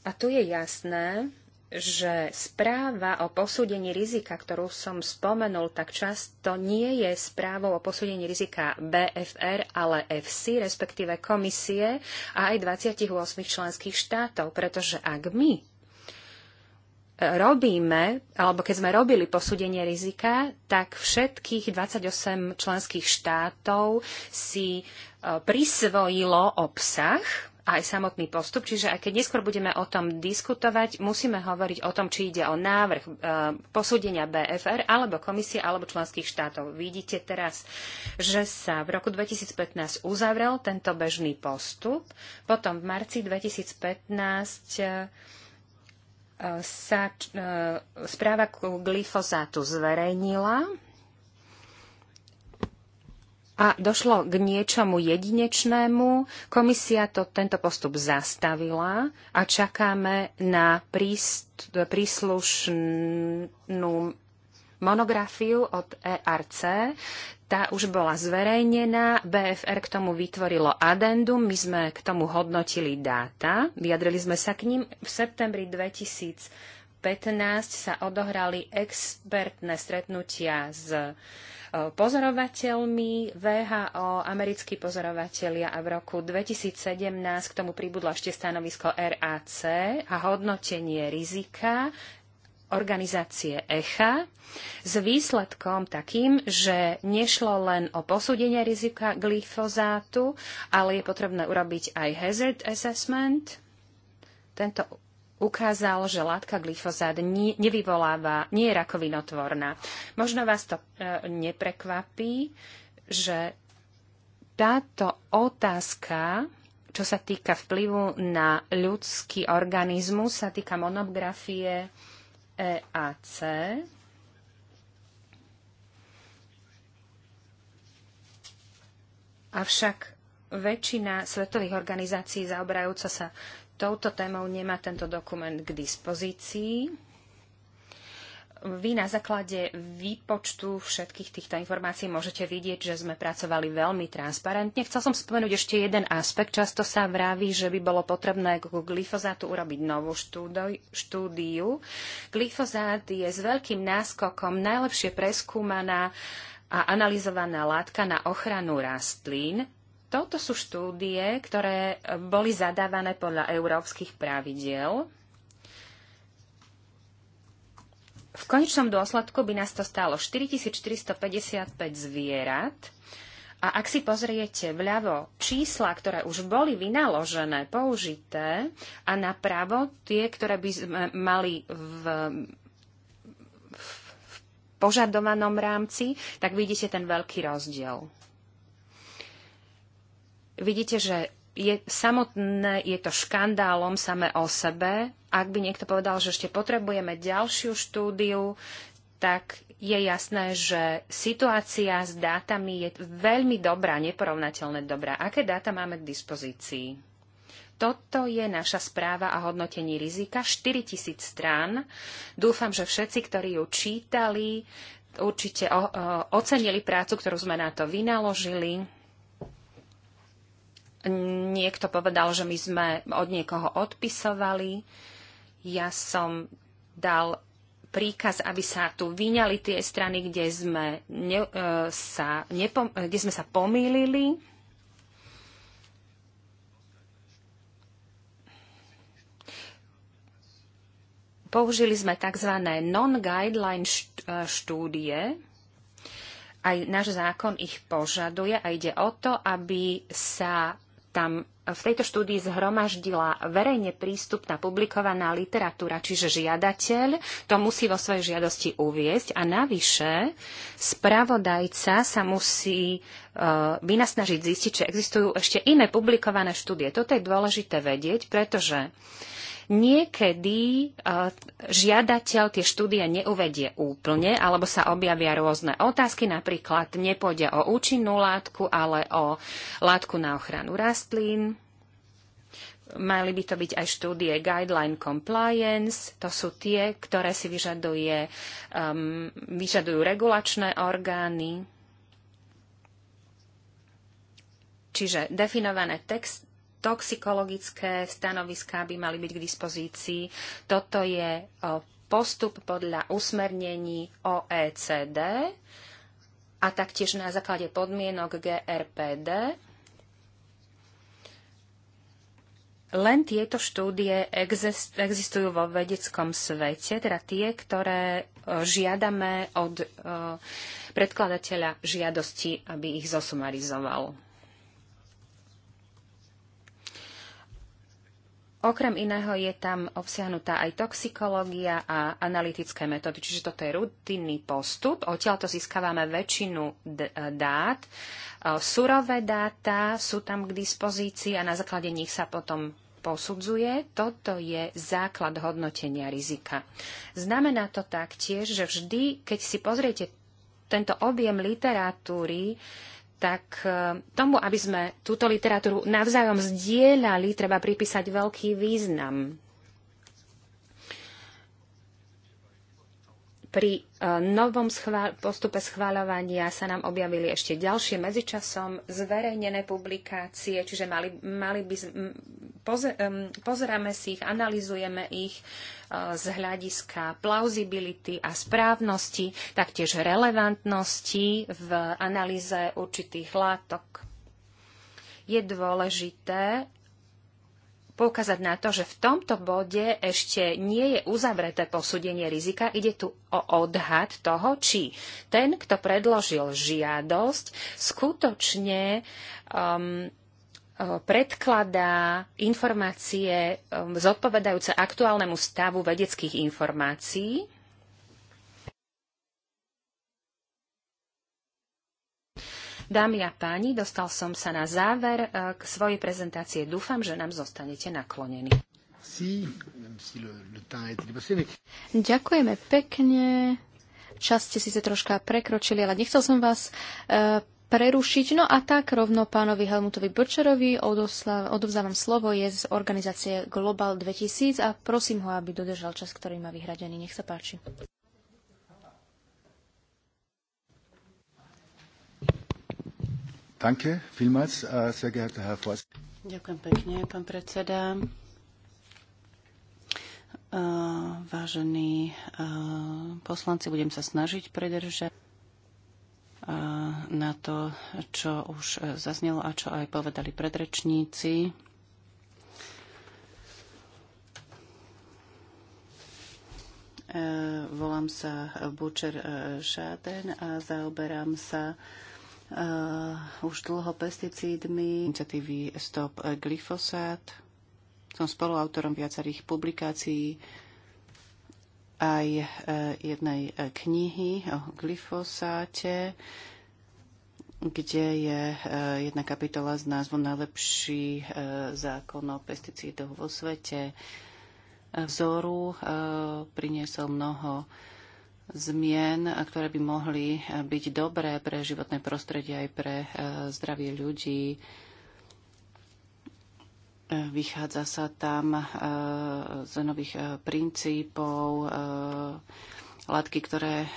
A tu je jasné, že správa o posúdení rizika, ktorú som spomenul tak často, nie je správou o posúdení rizika BFR, ale FC, respektíve komisie a aj 28 členských štátov, pretože ak my robíme, alebo keď sme robili posúdenie rizika, tak všetkých 28 členských štátov si e, prisvojilo obsah aj samotný postup. Čiže aj keď neskôr budeme o tom diskutovať, musíme hovoriť o tom, či ide o návrh e, posúdenia BFR alebo komisie alebo členských štátov. Vidíte teraz, že sa v roku 2015 uzavrel tento bežný postup. Potom v marci 2015 e, e, sa e, správa ku glyfozátu zverejnila a došlo k niečomu jedinečnému. Komisia to, tento postup zastavila a čakáme na príst, príslušnú monografiu od ERC. Tá už bola zverejnená, BFR k tomu vytvorilo adendum, my sme k tomu hodnotili dáta, vyjadrili sme sa k ním v septembri 2015 sa odohrali expertné stretnutia s pozorovateľmi VHO, americkí pozorovatelia a v roku 2017 k tomu pribudlo ešte stanovisko RAC a hodnotenie rizika organizácie ECHA s výsledkom takým, že nešlo len o posúdenie rizika glyfozátu, ale je potrebné urobiť aj hazard assessment. Tento ukázal, že látka glyfozát nevyvoláva, nie je rakovinotvorná. Možno vás to e, neprekvapí, že táto otázka, čo sa týka vplyvu na ľudský organizmus, sa týka monografie EAC. Avšak väčšina svetových organizácií zaoberajúca sa touto témou nemá tento dokument k dispozícii. Vy na základe výpočtu všetkých týchto informácií môžete vidieť, že sme pracovali veľmi transparentne. Chcel som spomenúť ešte jeden aspekt. Často sa vraví, že by bolo potrebné k glyfozátu urobiť novú štúdiu. Glyfozát je s veľkým náskokom najlepšie preskúmaná a analyzovaná látka na ochranu rastlín toto sú štúdie, ktoré boli zadávané podľa európskych pravidiel. V konečnom dôsledku by nás to stalo 4455 zvierat. A ak si pozriete vľavo čísla, ktoré už boli vynaložené, použité, a napravo tie, ktoré by sme mali v, v požadovanom rámci, tak vidíte ten veľký rozdiel vidíte, že je, samotné je to škandálom samé o sebe. Ak by niekto povedal, že ešte potrebujeme ďalšiu štúdiu, tak je jasné, že situácia s dátami je veľmi dobrá, neporovnateľne dobrá. Aké dáta máme k dispozícii? Toto je naša správa a hodnotení rizika, 4000 strán. Dúfam, že všetci, ktorí ju čítali, určite o, o, ocenili prácu, ktorú sme na to vynaložili Niekto povedal, že my sme od niekoho odpisovali. Ja som dal príkaz, aby sa tu vyňali tie strany, kde sme, ne, e, sa, nepom, kde sme sa pomýlili. Použili sme tzv. non-guideline e, štúdie. Aj náš zákon ich požaduje a ide o to, aby sa tam v tejto štúdii zhromaždila verejne prístupná publikovaná literatúra, čiže žiadateľ to musí vo svojej žiadosti uviesť a navyše spravodajca sa musí uh, vynasnažiť zistiť, či existujú ešte iné publikované štúdie. Toto je dôležité vedieť, pretože uh, Niekedy žiadateľ tie štúdie neuvedie úplne, alebo sa objavia rôzne otázky, napríklad nepôjde o účinnú látku, ale o látku na ochranu rastlín. Mali by to byť aj štúdie Guideline Compliance, to sú tie, ktoré si vyžaduje, um, vyžadujú regulačné orgány. Čiže definované text, toxikologické stanoviská by mali byť k dispozícii. Toto je e, postup podľa usmernení OECD a taktiež na základe podmienok GRPD. Len tieto štúdie existujú vo vedeckom svete, teda tie, ktoré e, žiadame od e, predkladateľa žiadosti, aby ich zosumarizoval. Okrem iného je tam obsiahnutá aj toxikológia a analytické metódy, čiže toto je rutinný postup. Odtiaľto získavame väčšinu e, dát. E, surové dáta sú tam k dispozícii a na základe nich sa potom posudzuje. Toto je základ hodnotenia rizika. Znamená to taktiež, že vždy, keď si pozriete tento objem literatúry, tak e, tomu, aby sme túto literatúru navzájom zdieľali, treba pripísať veľký význam. pri e, novom schvál- postupe schváľovania sa nám objavili ešte ďalšie medzičasom zverejnené publikácie, čiže mali, mali by, pozer- pozeráme si ich, analizujeme ich e, z hľadiska plauzibility a správnosti, taktiež relevantnosti v analýze určitých látok. Je dôležité, poukázať na to, že v tomto bode ešte nie je uzavreté posúdenie rizika. Ide tu o odhad toho, či ten, kto predložil žiadosť, skutočne um, e, predkladá informácie um, zodpovedajúce aktuálnemu stavu vedeckých informácií Dámy a páni, dostal som sa na záver e, k svojej prezentácie. Dúfam, že nám zostanete naklonení. Ďakujeme pekne. Čas ste si sa troška prekročili, ale nechcel som vás uh, prerušiť. No a tak rovno pánovi Helmutovi Brčerovi odovzdávam slovo, je z organizácie Global 2000 a prosím ho, aby dodržal čas, ktorý má vyhradený. Nech sa páči. Danke, vielmals, äh, sehr geehrter Herr Vorsitzender. Ďakujem pekne, pán predseda. Äh, vážení äh, poslanci, budem sa snažiť predržať na to, čo už zaznelo a čo aj povedali predrečníci. Volám sa Bučer Šáten a zaoberám sa uh, už dlho pesticídmi, iniciatívy Stop glyfosát. Som spoluautorom viacerých publikácií aj uh, jednej eh, knihy o glyfosáte, kde je uh, jedna kapitola s názvom Najlepší uh, zákon o pesticídoch vo svete. Vzoru uh, priniesol mnoho uh, zmien, ktoré by mohli byť dobré pre životné prostredie aj pre e, zdravie ľudí. E, vychádza sa tam e, z nových princípov, látky, ktoré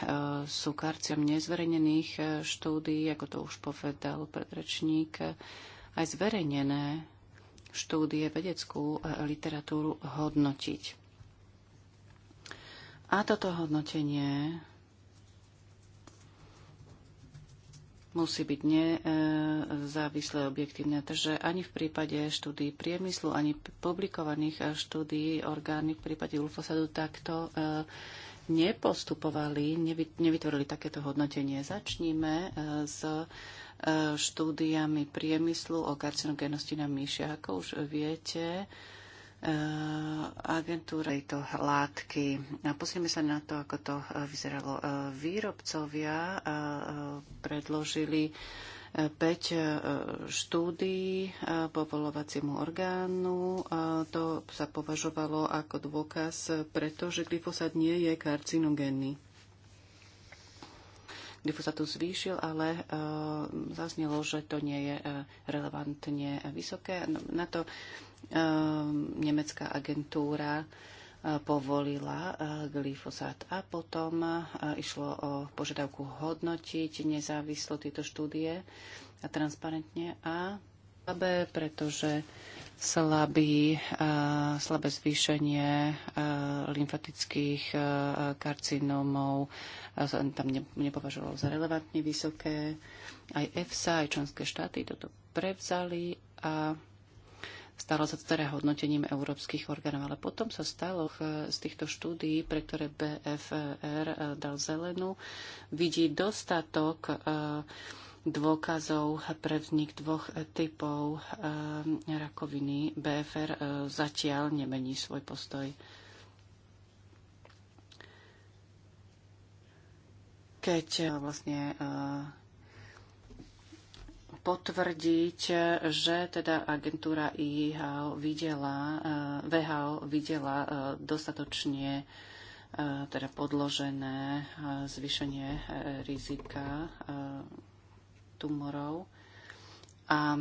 sú karciom nezverejnených štúdií, ako to už povedal predrečník, aj zverejnené štúdie, vedeckú literatúru hodnotiť. A toto hodnotenie musí byť nezávislé e, objektívne. Takže ani v prípade štúdí priemyslu, ani publikovaných e, štúdí orgány v prípade ulfosadu takto e, nepostupovali, nevytvorili takéto hodnotenie. Začníme s štúdiami priemyslu o karcinogénosti na myši. Ako už viete, Eh, agentúra tejto látky. Pozrieme sa na to, ako to eh, vyzeralo. Eh, výrobcovia predložili 5 štúdií povolovaciemu orgánu. To sa považovalo ako dôkaz, pretože glyfosát nie je karcinogénny. Glyfosát tu zvýšil, ale zaznelo, že to nie je relevantne vysoké. Na to Ehm, nemecká agentúra e, povolila e, glyfosát a potom e, išlo o požiadavku hodnotiť nezávislo tieto štúdie a transparentne a slabé, pretože slabý, slabé zvýšenie lymfatických karcinómov tam nepovažovalo za relevantne vysoké. Aj EFSA, aj členské štáty toto prevzali a stalo sa teda hodnotením európskych orgánov. Ale potom sa stalo z týchto štúdií, pre ktoré BFR e, dal zelenú, vidí dostatok e, dôkazov pre vznik dvoch e, typov rakoviny. BFR zatiaľ nemení svoj postoj. Keď vlastne potvrdiť, že teda agentúra IHO videla, eh, VHO videla eh, dostatočne eh, teda podložené zvýšenie rizika tumorov a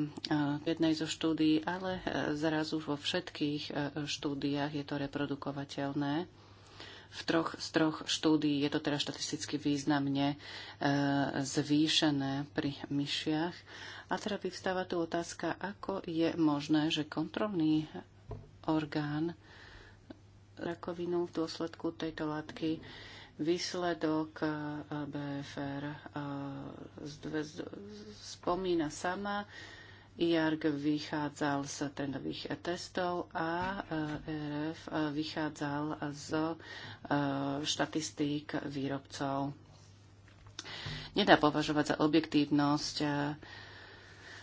jednej zo štúdií, ale zrazu vo všetkých štúdiách je to reprodukovateľné v troch z troch štúdií je to teda štatisticky významne e, zvýšené pri myšiach. A teda vyvstáva tu otázka, ako je možné, že kontrolný orgán rakovinu v dôsledku tejto látky výsledok e, BFR e, spomína sama IARG vychádzal z trendových testov a ERF e, vychádzal z e, štatistík výrobcov. Nedá považovať za objektívnosť a e,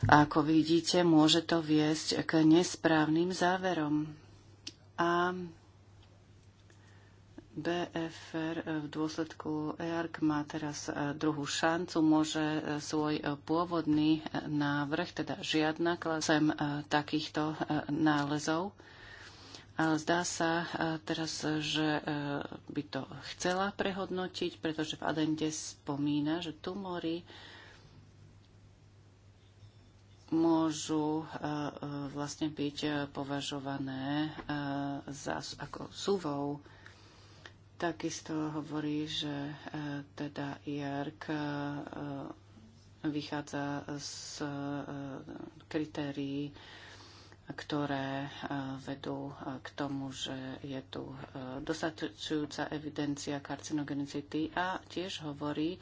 ako vidíte, môže to viesť k nesprávnym záverom. A BFR e, v dôsledku EARC má teraz e, druhú šancu, môže e, svoj pôvodný návrh, teda žiadna klasem takýchto nálezov. Ale zdá sa teraz, že by to chcela prehodnotiť, pretože v Adende spomína, že tumory môžu vlastne byť považované za, ako súvou Takisto hovorí, že e, teda IARC e, vychádza z e, kritérií, ktoré vedú k tomu, že je tu dostačujúca evidencia karcinogenicity a tiež hovorí,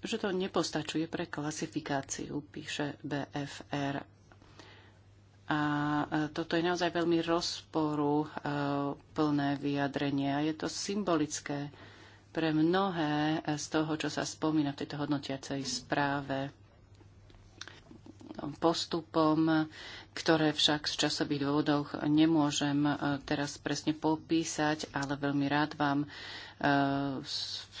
že to nepostačuje pre klasifikáciu, píše BFR a e, toto je naozaj veľmi rozporu e, plné vyjadrenie a je to symbolické pre mnohé z toho, čo sa spomína v tejto hodnotiacej správe postupom, ktoré však z časových dôvodov nemôžem e, teraz presne popísať, ale veľmi rád vám v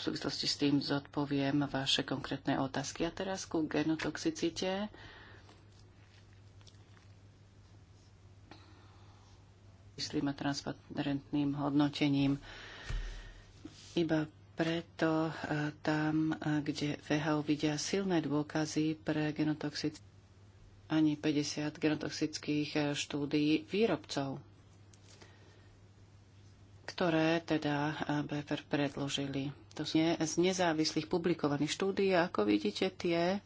súvislosti s tým zodpoviem vaše konkrétne otázky. A teraz ku genotoxicite. myslím a transparentným hodnotením. Iba preto e, tam, e, kde VHO vidia silné dôkazy pre genotoxic ani 50 genotoxických e, štúdií výrobcov, ktoré teda BFR predložili. To sú z nezávislých publikovaných štúdií a ako vidíte, tie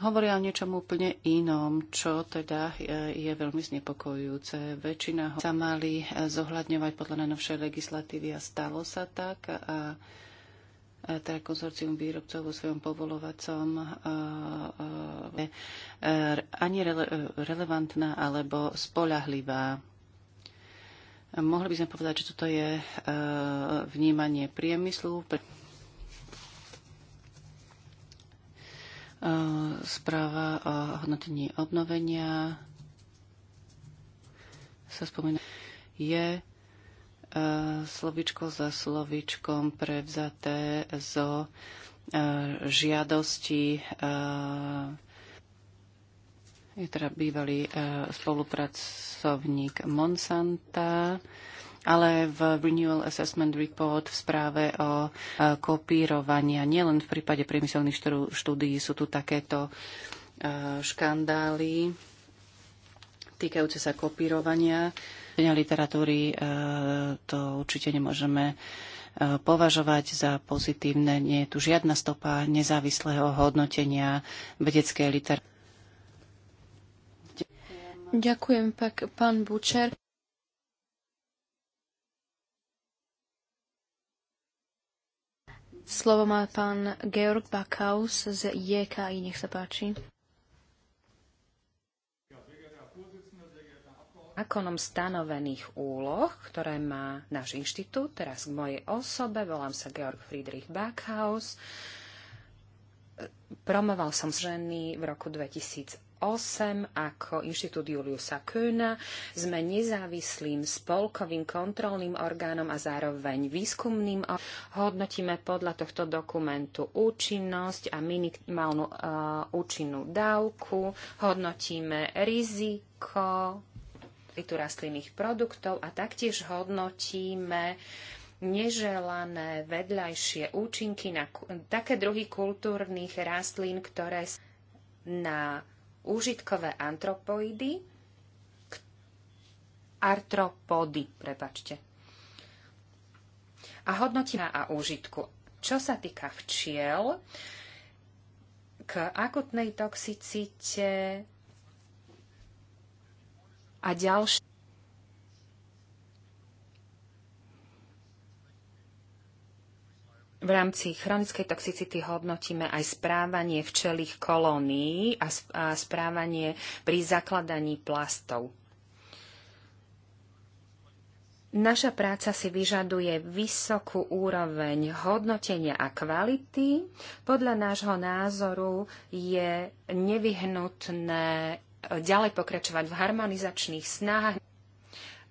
hovoria o niečom úplne inom, čo teda je veľmi znepokojujúce. Väčšina ho sa mali eh, zohľadňovať podľa najnovšej legislatívy a stalo sa tak a eh, teda konzorcium výrobcov vo svojom povolovacom eh, ani rele, relevantná alebo spolahlivá. Mohli by sme povedať, že toto je vnímanie priemyslu. Eh, správa o hodnotení obnovenia sa spomína. Je eh, slovičko za slovičkom prevzaté zo eh, žiadosti je teda bývalý spolupracovník Monsanta ale v Renewal Assessment Report v správe o e, kopírovania. Nielen v prípade priemyselných štúdií sú tu takéto e, škandály týkajúce sa kopírovania. Literatúry e, to určite nemôžeme považovať za pozitívne. Nie je tu žiadna stopa nezávislého hodnotenia vedeckej literatúry. Ďakujem pak, pán Bučer. Slovo má pán Georg Bakaus z JKI. Nech sa páči. zákonom stanovených úloh, ktoré má náš inštitút, teraz k mojej osobe, volám sa Georg Friedrich Backhaus. Promoval som ženy v roku 2008 ako Inštitút Juliusa Köhna. Sme nezávislým spolkovým kontrolným orgánom a zároveň výskumným. Hodnotíme podľa tohto dokumentu účinnosť a minimálnu uh, účinnú dávku. Hodnotíme riziko tu rastlinných produktov a taktiež hodnotíme neželané vedľajšie účinky na také druhy kultúrnych rastlín, ktoré na úžitkové antropoidy, artropody, prepačte. A hodnotina a úžitku. Čo sa týka včiel, k akutnej toxicite a ďalšie V rámci chronickej toxicity hodnotíme aj správanie včelých kolónií a správanie pri zakladaní plastov. Naša práca si vyžaduje vysokú úroveň hodnotenia a kvality. Podľa nášho názoru je nevyhnutné ďalej pokračovať v harmonizačných snahách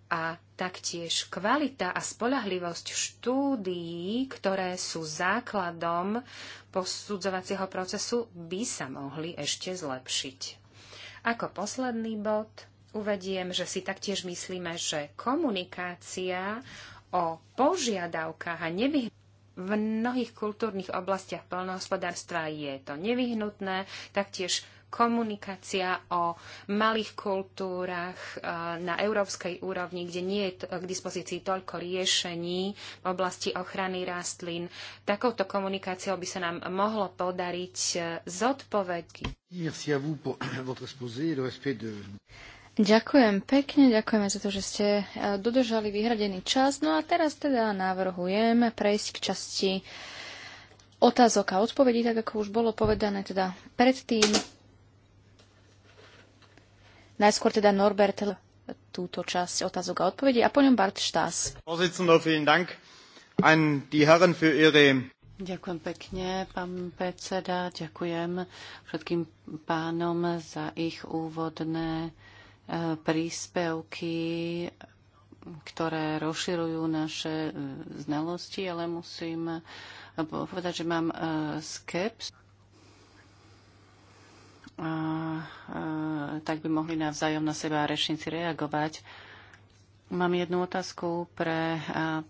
a taktiež kvalita a spolahlivosť štúdií, ktoré sú základom posudzovacieho procesu, by sa mohli ešte zlepšiť. Ako posledný bod uvediem, že si taktiež myslíme, že komunikácia o požiadavkách a nevyhnutných v mnohých kultúrnych oblastiach plnohospodárstva je to nevyhnutné, taktiež komunikácia o malých kultúrach eh, na európskej úrovni, kde nie je eh, k dispozícii toľko riešení v oblasti ochrany rastlín. Takouto komunikáciou by sa nám mohlo podariť zodpovedky. Ďakujem pekne, ďakujeme za to, že ste eh, dodržali vyhradený čas. No a teraz teda navrhujem prejsť k časti otázok a odpovedí, tak ako už bolo povedané teda predtým. Najskôr teda Norbert túto časť otázok a odpovedí a po ňom Bart Štás. Ďakujem pekne, pán predseda. Ďakujem všetkým pánom za ich úvodné e, príspevky, ktoré rozširujú naše e, znalosti, ale musím e, povedať, že mám skeps a tak by mohli navzájom na seba rečníci reagovať. Mám jednu otázku pre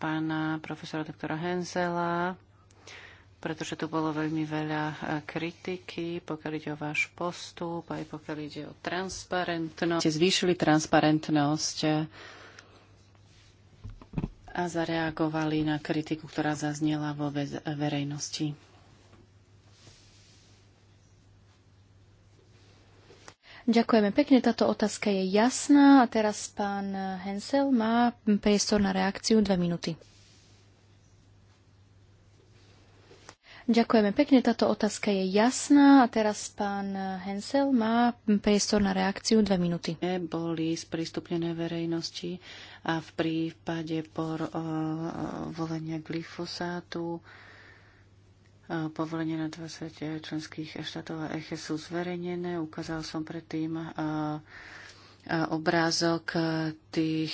pána profesora doktora Henzela, pretože tu bolo veľmi veľa kritiky, pokiaľ ide o váš postup, aj pokiaľ ide o transparentnosť. Ste zvýšili transparentnosť a zareagovali na kritiku, ktorá zaznela vo verejnosti. Ďakujeme pekne, táto otázka je jasná. A teraz pán Hensel má priestor na reakciu dve minúty. Ďakujeme pekne, táto otázka je jasná. A teraz pán Hensel má priestor na reakciu dve minúty. Boli sprístupnené verejnosti a v prípade por, uh, volenia glyfosátu povolenia na 20 eh, členských štátov a ECHE e sú zverejnené. Ukázal som predtým eh, eh, obrázok tých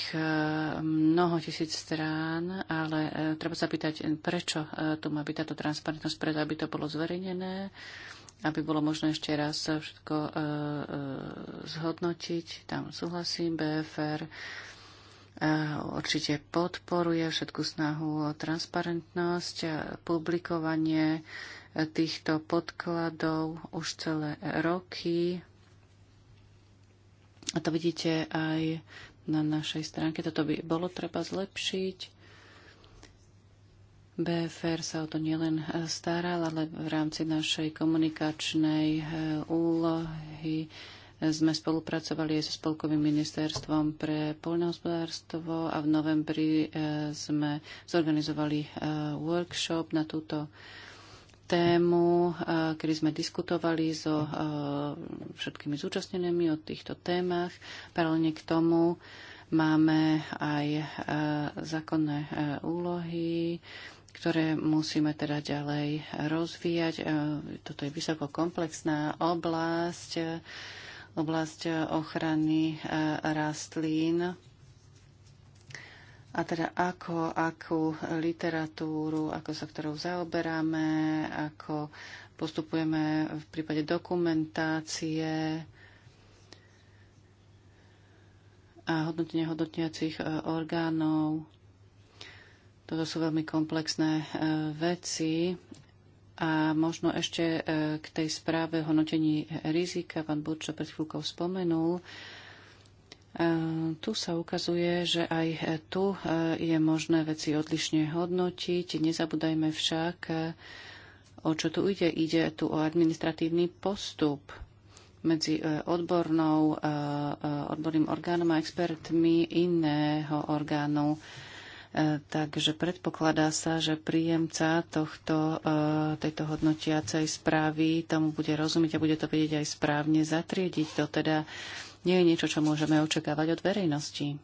mnoho tisíc strán, ale treba sa pýtať, prečo tu má byť táto transparentnosť, preto aby to bolo zverejnené, aby bolo možné ešte raz všetko zhodnotiť. Tam súhlasím, BFR E, určite podporuje všetku snahu o transparentnosť a publikovanie týchto podkladov už celé roky. A to vidíte aj na našej stránke. Toto by bolo treba zlepšiť. BFR sa o to nielen staral, ale v rámci našej komunikačnej e, úlohy sme spolupracovali aj so Spolkovým ministerstvom pre poľnohospodárstvo a v novembri e, sme zorganizovali e, workshop na túto tému, e, kedy sme diskutovali so všetkými zúčastnenými o týchto témach. Paralelne k tomu máme aj zákonné úlohy, ktoré musíme teda ďalej rozvíjať. Toto je vysoko komplexná oblasť oblasť e, ochrany e, rastlín. A teda ako, akú literatúru, ako sa ktorou zaoberáme, ako postupujeme v prípade dokumentácie a hodnotenie hodnotiacich e, orgánov. Toto sú veľmi komplexné veci a možno ešte e, k tej správe hodnotení rizika, pán Burčo pred chvíľkou spomenul, e, tu sa ukazuje, že aj tu e, je možné veci odlišne hodnotiť. Nezabúdajme však, o čo tu ide. Ide tu o administratívny postup medzi odbornou, odborným orgánom a expertmi iného orgánu Takže predpokladá sa, že príjemca tohto, e, tejto hodnotiacej správy tomu bude rozumieť a bude to vedieť aj správne zatriediť. To teda nie je niečo, čo môžeme očakávať od verejnosti.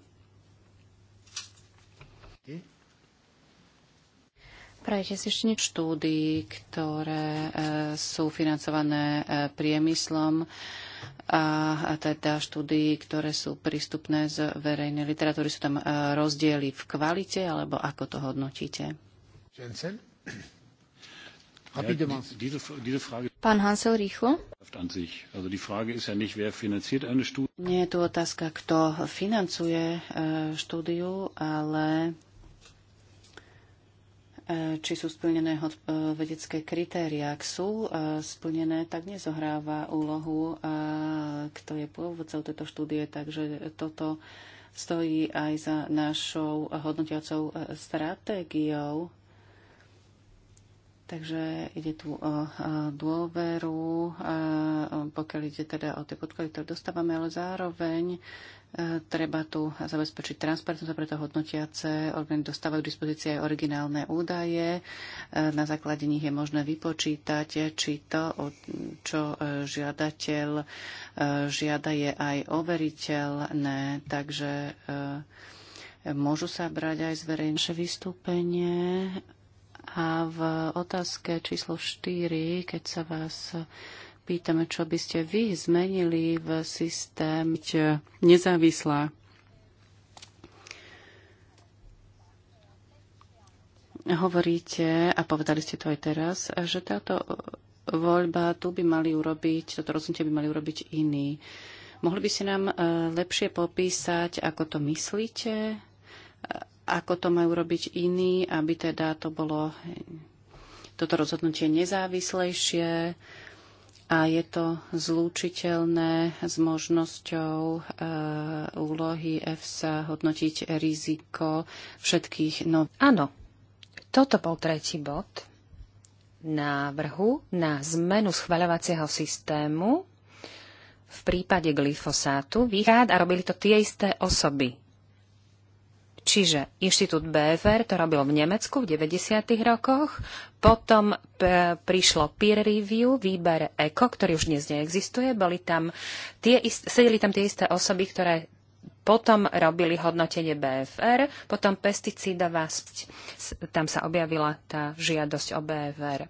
Prajte si ešte niečo štúdií, ktoré e, sú financované e, priemyslom a, teda štúdií, ktoré sú prístupné z verejnej literatúry. Sú tam e, rozdiely v kvalite, alebo ako to hodnotíte? Jensen? Pán Hansel, rýchlo. Nie je tu otázka, kto financuje e, štúdiu, ale E, či sú splnené e, vedecké kritéria. Ak sú e, splnené, tak nezohráva úlohu, kto je pôvodcov tejto štúdie, takže toto stojí aj za našou hodnotiacou stratégiou. Takže ide tu o dôveru, pokiaľ ide teda o tie podklady, ktoré dostávame, ale zároveň Treba tu zabezpečiť transparentnosť a preto hodnotiace orgány dostávajú k dispozícii aj originálne údaje. Na základe nich je možné vypočítať, či to, čo e, žiadateľ e, žiada, je aj overiteľné. Takže e, môžu sa brať aj zverejnšie vystúpenie. A v otázke číslo 4, keď sa vás pýtame, čo by ste vy zmenili v systém nezávislá. Hovoríte, a povedali ste to aj teraz, že táto voľba tu by mali urobiť, toto rozhodnutie by mali urobiť iní. Mohli by ste nám e, lepšie popísať, ako to myslíte, ako to majú robiť iní, aby teda to bolo toto rozhodnutie nezávislejšie, a je to zlúčiteľné s možnosťou e, úlohy EFSA hodnotiť riziko všetkých nových. Áno, toto bol tretí bod návrhu na zmenu schvaľovacieho systému v prípade glyfosátu. Výchádza a robili to tie isté osoby. Čiže inštitút BFR to robil v Nemecku v 90. rokoch, potom prišlo peer review, výber ECO, ktorý už dnes neexistuje, boli tam tie sedeli tam tie isté osoby, ktoré potom robili hodnotenie BFR, potom pesticídová Tam sa objavila tá žiadosť o BFR.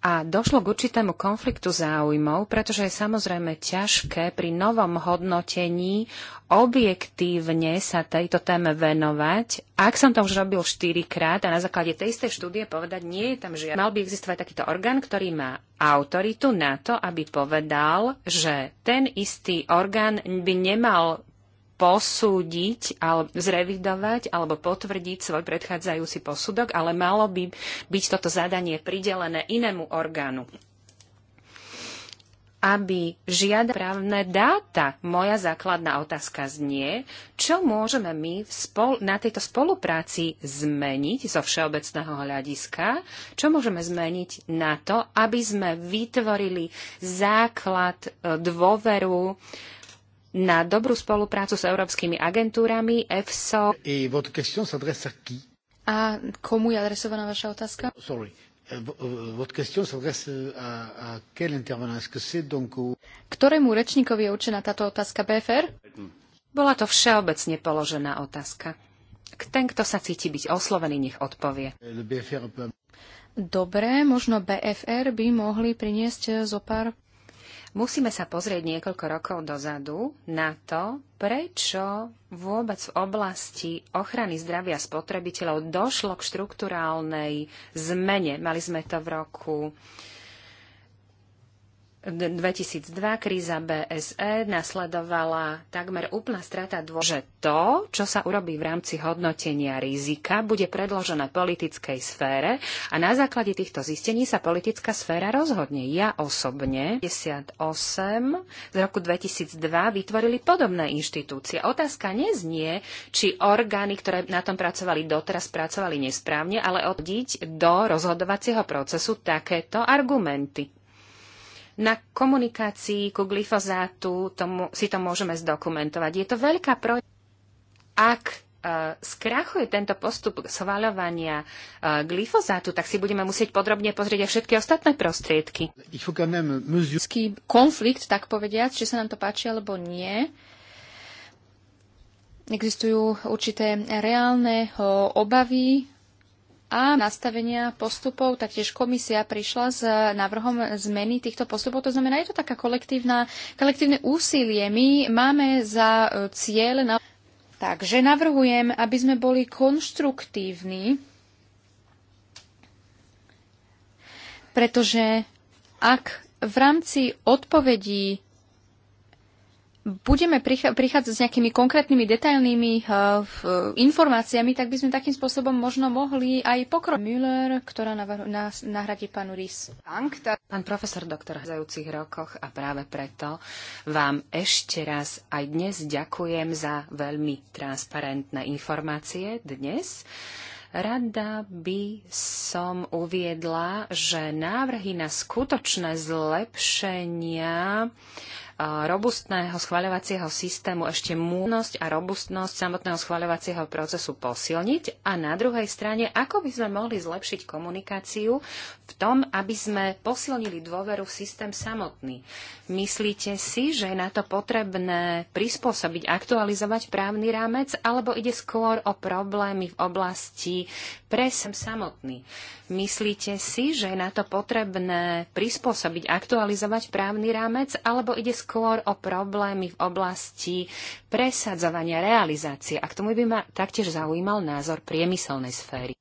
A došlo k určitému konfliktu záujmov, pretože je samozrejme ťažké pri novom hodnotení objektívne sa tejto téme venovať. Ak som to už robil štyrikrát a na základe tej istej štúdie povedať, nie je tam žiadna. Mal by existovať takýto orgán, ktorý má autoritu na to, aby povedal, že ten istý orgán by nemal posúdiť, ale zrevidovať alebo potvrdiť svoj predchádzajúci posudok, ale malo by byť toto zadanie pridelené inému orgánu aby žiada právne dáta. Moja základná otázka znie, čo môžeme my spol- na tejto spolupráci zmeniť zo všeobecného hľadiska, čo môžeme zmeniť na to, aby sme vytvorili základ e, dôveru na dobrú spoluprácu s európskymi agentúrami EFSO. A komu je adresovaná vaša otázka? Oh, sorry. Ktorému rečníkovi je určená táto otázka BFR? Bola to všeobecne položená otázka. Ten, kto sa cíti byť oslovený, nech odpovie. Eh, Dobre, možno BFR by mohli priniesť eh, zo pár Musíme sa pozrieť niekoľko rokov dozadu na to, prečo vôbec v oblasti ochrany zdravia spotrebiteľov došlo k štruktúrálnej zmene. Mali sme to v roku 2002 kríza BSE nasledovala takmer úplná strata dô... že to, čo sa urobí v rámci hodnotenia rizika, bude predložené politickej sfére a na základe týchto zistení sa politická sféra rozhodne. Ja osobne 58 z roku 2002 vytvorili podobné inštitúcie. Otázka neznie, či orgány, ktoré na tom pracovali doteraz, pracovali nesprávne, ale odiť do rozhodovacieho procesu takéto argumenty na komunikácii ku glyfozátu tomu, si to môžeme zdokumentovať. Je to veľká pro... Ak e, skrachuje tento postup schváľovania e, glyfozátu, tak si budeme musieť podrobne pozrieť aj všetky ostatné prostriedky. Konflikt, tak povediať, či sa nám to páči alebo nie. Existujú určité reálne e, obavy a nastavenia postupov. Taktiež komisia prišla s návrhom zmeny týchto postupov. To znamená, je to taká kolektívna, kolektívne úsilie. My máme za e, cieľ. Na... Takže navrhujem, aby sme boli konštruktívni, pretože ak v rámci odpovedí budeme prichádzať s nejakými konkrétnymi detailnými uh, informáciami, tak by sme takým spôsobom možno mohli aj pokročiť. Müller, ktorá nahradí pán Rys. Pán profesor doktor v zajúcich rokoch a práve preto vám ešte raz aj dnes ďakujem za veľmi transparentné informácie dnes. Rada by som uviedla, že návrhy na skutočné zlepšenia robustného schvaľovacieho systému ešte múnosť a robustnosť samotného schvaľovacieho procesu posilniť a na druhej strane, ako by sme mohli zlepšiť komunikáciu v tom, aby sme posilnili dôveru v systém samotný. Myslíte si, že je na to potrebné prispôsobiť, aktualizovať právny rámec, alebo ide skôr o problémy v oblasti pre sem samotný? Myslíte si, že je na to potrebné prispôsobiť, aktualizovať právny rámec, alebo ide skôr o problémy v oblasti presadzovania realizácie? A k tomu by ma taktiež zaujímal názor priemyselnej sféry.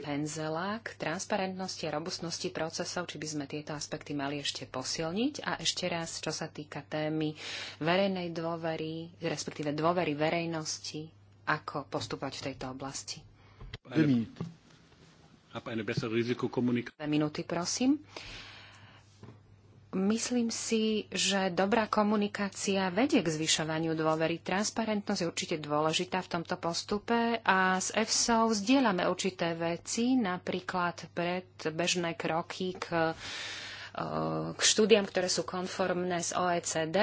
Penzela k transparentnosti a robustnosti procesov, či by sme tieto aspekty mali ešte posilniť. A ešte raz, čo sa týka témy verejnej dôvery, respektíve dôvery verejnosti, ako postupovať v tejto oblasti. Dve minúty, prosím. Myslím si, že dobrá komunikácia vedie k zvyšovaniu dôvery. Transparentnosť je určite dôležitá v tomto postupe a s EFSO zdieľame určité veci, napríklad predbežné kroky k k štúdiam, ktoré sú konformné s OECD,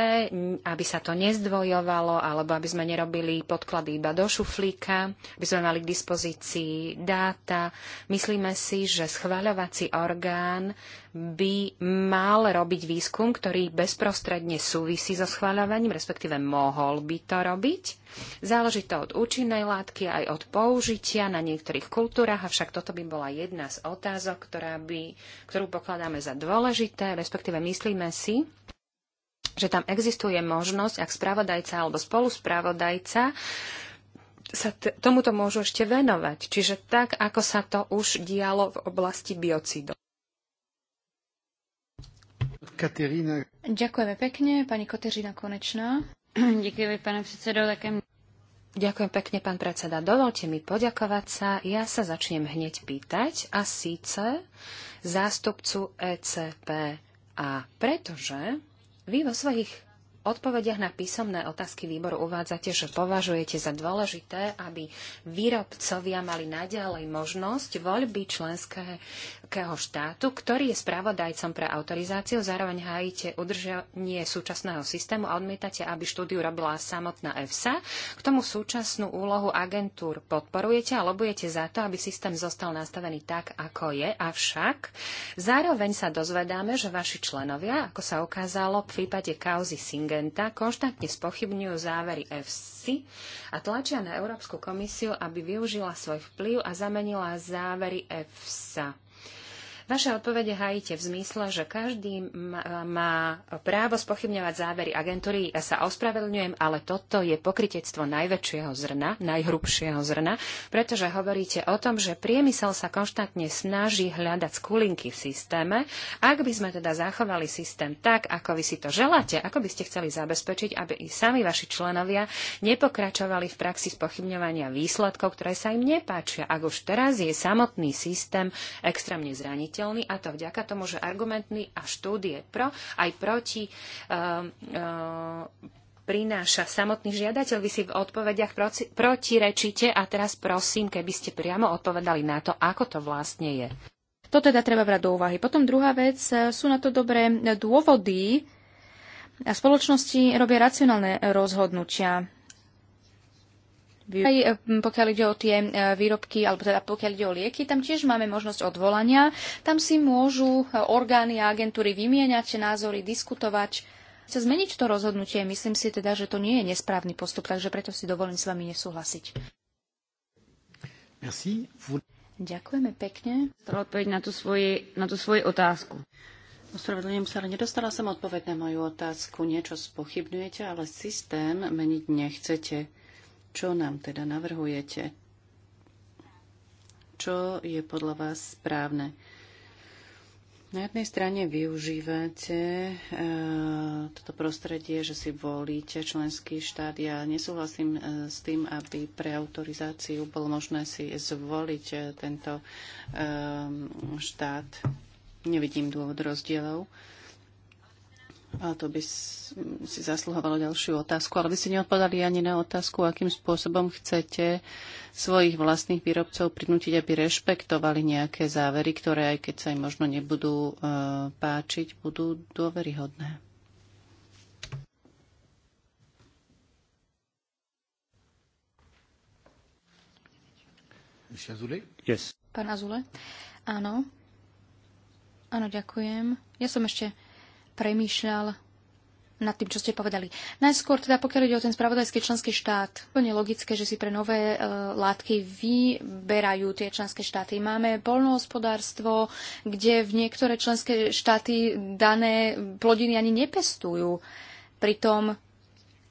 aby sa to nezdvojovalo, alebo aby sme nerobili podklady iba do šuflíka, aby sme mali k dispozícii dáta. Myslíme si, že schváľovací orgán by mal robiť výskum, ktorý bezprostredne súvisí so schváľovaním, respektíve mohol by to robiť. Záleží to od účinnej látky aj od použitia na niektorých kultúrach, avšak toto by bola jedna z otázok, ktorá by, ktorú pokladáme za dôležité, respektíve myslíme si, že tam existuje možnosť, ak spravodajca alebo spoluspravodajca sa tomuto môžu ešte venovať. Čiže tak, ako sa to už dialo v oblasti biocidov. Katerina. Ďakujeme pekne, pani Katerina Konečná. Ďakujeme, pane predsedo, také... Ďakujem pekne, pán predseda. Dovolte mi poďakovať sa. Ja sa začnem hneď pýtať, a síce zástupcu ECP. A pretože vy vo svojich odpovediach na písomné otázky výboru uvádzate, že považujete za dôležité, aby výrobcovia mali naďalej možnosť voľby členské členského štátu, ktorý je spravodajcom pre autorizáciu, zároveň hájite udržanie súčasného systému a odmietate, aby štúdiu robila samotná EFSA. K tomu súčasnú úlohu agentúr podporujete a lobujete za to, aby systém zostal nastavený tak, ako je, avšak zároveň sa dozvedáme, že vaši členovia, ako sa ukázalo v prípade kauzy Singenta, konštantne spochybňujú závery EFSI a tlačia na Európsku komisiu, aby využila svoj vplyv a zamenila závery EFSA. Vaša odpovede hájite v zmysle, že každý má právo spochybňovať závery agentúry. Ja sa ospravedlňujem, ale toto je pokritectvo najväčšieho zrna, najhrubšieho zrna, pretože hovoríte o tom, že priemysel sa konštantne snaží hľadať skulinky v systéme. Ak by sme teda zachovali systém tak, ako vy si to želáte, ako by ste chceli zabezpečiť, aby i sami vaši členovia nepokračovali v praxi spochybňovania výsledkov, ktoré sa im nepáčia, ak už teraz je samotný systém extrémne zraniteľný zraniteľní a to vďaka tomu, že argumentný a štúdie pro aj proti e, e, prináša samotný žiadateľ. Vy si v odpovediach proti, protirečite a teraz prosím, keby ste priamo odpovedali na to, ako to vlastne je. To teda treba brať do úvahy. Potom druhá vec, e, sú na to dobré dôvody a spoločnosti robia racionálne rozhodnutia. Aj e, pokiaľ ide o tie e, výrobky, alebo teda pokiaľ ide o lieky, tam tiež máme možnosť odvolania. Tam si môžu e, orgány a agentúry vymieňať názory, diskutovať, sa zmeniť to rozhodnutie. Myslím si teda, že to nie je nesprávny postup, takže preto si dovolím s vami nesúhlasiť. Merci. Ďakujeme pekne. Chcela odpovedť na tú, svoje, na tú svoju otázku. Ospravedlňujem sa, ale nedostala som odpoveď na moju otázku. Niečo spochybňujete, ale systém meniť nechcete. Čo nám teda navrhujete? Čo je podľa vás správne? Na jednej strane využívate e, toto prostredie, že si volíte členský štát. Ja nesúhlasím e, s tým, aby pre autorizáciu bolo možné si zvoliť e, tento e, štát. Nevidím dôvod rozdielov. E, a to by si zasluhovalo ďalšiu otázku. Ale vy ste neodpovedali ani na otázku, akým spôsobom chcete svojich vlastných výrobcov prinútiť, aby rešpektovali nejaké závery, ktoré, aj keď sa im možno nebudú e, páčiť, budú dôveryhodné. Yes. Pán Azule? Áno. Áno, ďakujem. Ja som ešte premýšľal nad tým, čo ste povedali. Najskôr teda, pokiaľ ide o ten spravodajský členský štát, úplne logické, že si pre nové e, látky vyberajú tie členské štáty. Máme polnohospodárstvo, kde v niektoré členské štáty dané plodiny ani nepestujú. Pritom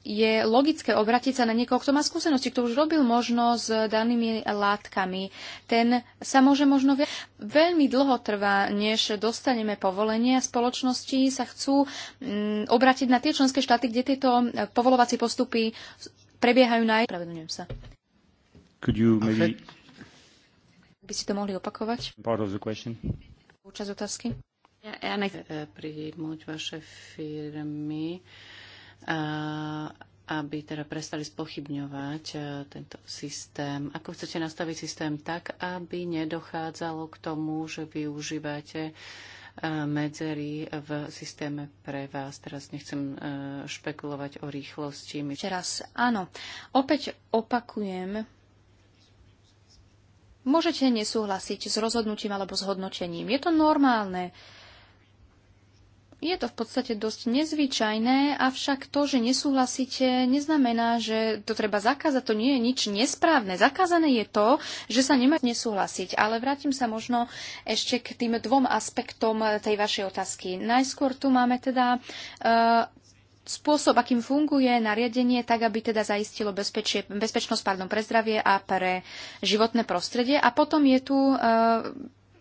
je logické obratiť sa na niekoho, kto má skúsenosti, kto už robil možno s danými látkami. Ten sa môže možno viac. veľmi dlho trvá, než dostaneme povolenie. Spoločnosti sa chcú mm, obratiť na tie členské štáty, kde tieto e, povolovacie postupy prebiehajú naj... Pravedlňujem sa. Could you maybe... By ste to mohli opakovať? Part of the question. Účasť otázky. Ja, ja nechcem eh, Príjmuť vaše firmy a aby teda prestali spochybňovať e, tento systém. Ako chcete nastaviť systém tak, aby nedochádzalo k tomu, že využívate e, medzery v systéme pre vás. Teraz nechcem e, špekulovať o rýchlosti. Ešte áno. Opäť opakujem, Môžete nesúhlasiť s rozhodnutím alebo s hodnotením. Je to normálne. Je to v podstate dosť nezvyčajné, avšak to, že nesúhlasíte, neznamená, že to treba zakázať. To nie je nič nesprávne. Zakázané je to, že sa nemá nesúhlasiť. Ale vrátim sa možno ešte k tým dvom aspektom tej vašej otázky. Najskôr tu máme teda uh, spôsob, akým funguje nariadenie, tak aby teda zaistilo bezpečie, bezpečnosť pardon, pre zdravie a pre životné prostredie. A potom je tu e,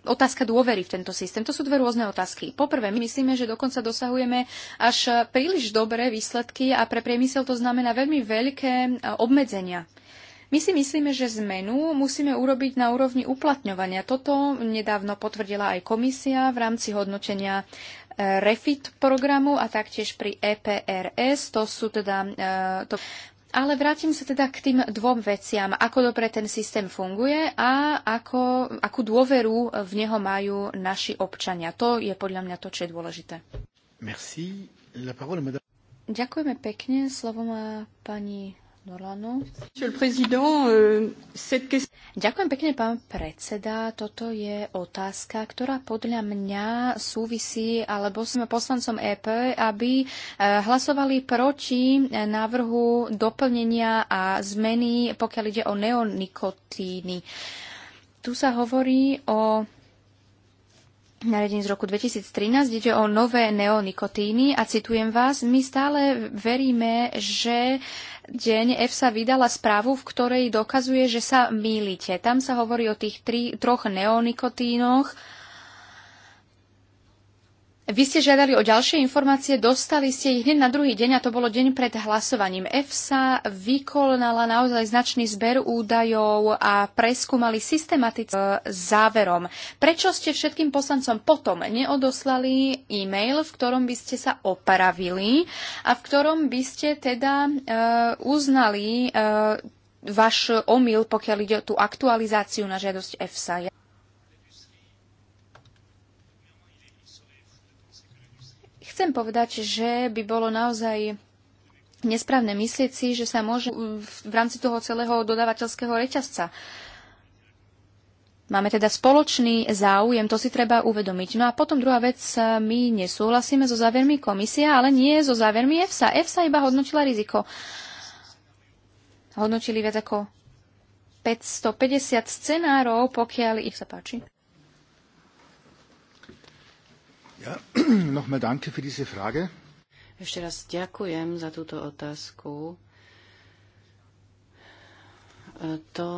otázka dôvery v tento systém. To sú dve rôzne otázky. Poprvé, my myslíme, že dokonca dosahujeme až príliš dobré výsledky a pre priemysel to znamená veľmi veľké e, obmedzenia. My si myslíme, že zmenu musíme urobiť na úrovni uplatňovania. Toto nedávno potvrdila aj komisia v rámci hodnotenia e, REFIT programu a taktiež pri EPRS. To sú teda e, to ale vrátim sa teda k tým dvom veciam. Ako dobre ten systém funguje a ako, akú dôveru v neho majú naši občania. To je podľa mňa to, čo je dôležité. Merci. La parole, madame. Ďakujeme pekne. Slovo má pani Euh, Ďakujem pekne, pán predseda. Toto je otázka, ktorá podľa mňa súvisí, alebo sme poslancom EP, aby eh, hlasovali proti návrhu doplnenia a zmeny, pokiaľ ide o neonikotíny. Tu sa hovorí o nariadení z roku 2013 ide o nové neonikotíny a citujem vás, my stále veríme, že deň EFSA vydala správu, v ktorej dokazuje, že sa mýlite. Tam sa hovorí o tých tri, troch neonikotínoch, vy ste žiadali o ďalšie informácie, dostali ste ich hneď na druhý deň a to bolo deň pred hlasovaním. EFSA vykonala naozaj značný zber údajov a preskúmali systematicky záverom. Prečo ste všetkým poslancom potom neodoslali e-mail, v ktorom by ste sa opravili a v ktorom by ste teda e, uznali e, váš omyl, pokiaľ ide o tú aktualizáciu na žiadosť EFSA? Chcem povedať, že by bolo naozaj nesprávne myslieť si, že sa môže v rámci toho celého dodávateľského reťazca. Máme teda spoločný záujem, to si treba uvedomiť. No a potom druhá vec, my nesúhlasíme so závermi komisia, ale nie so závermi EFSA. EFSA iba hodnotila riziko. Hodnotili viac ako 550 scenárov, pokiaľ ich sa páči. Ja, nochmal danke für diese Frage. Ešte raz ďakujem za túto otázku. To,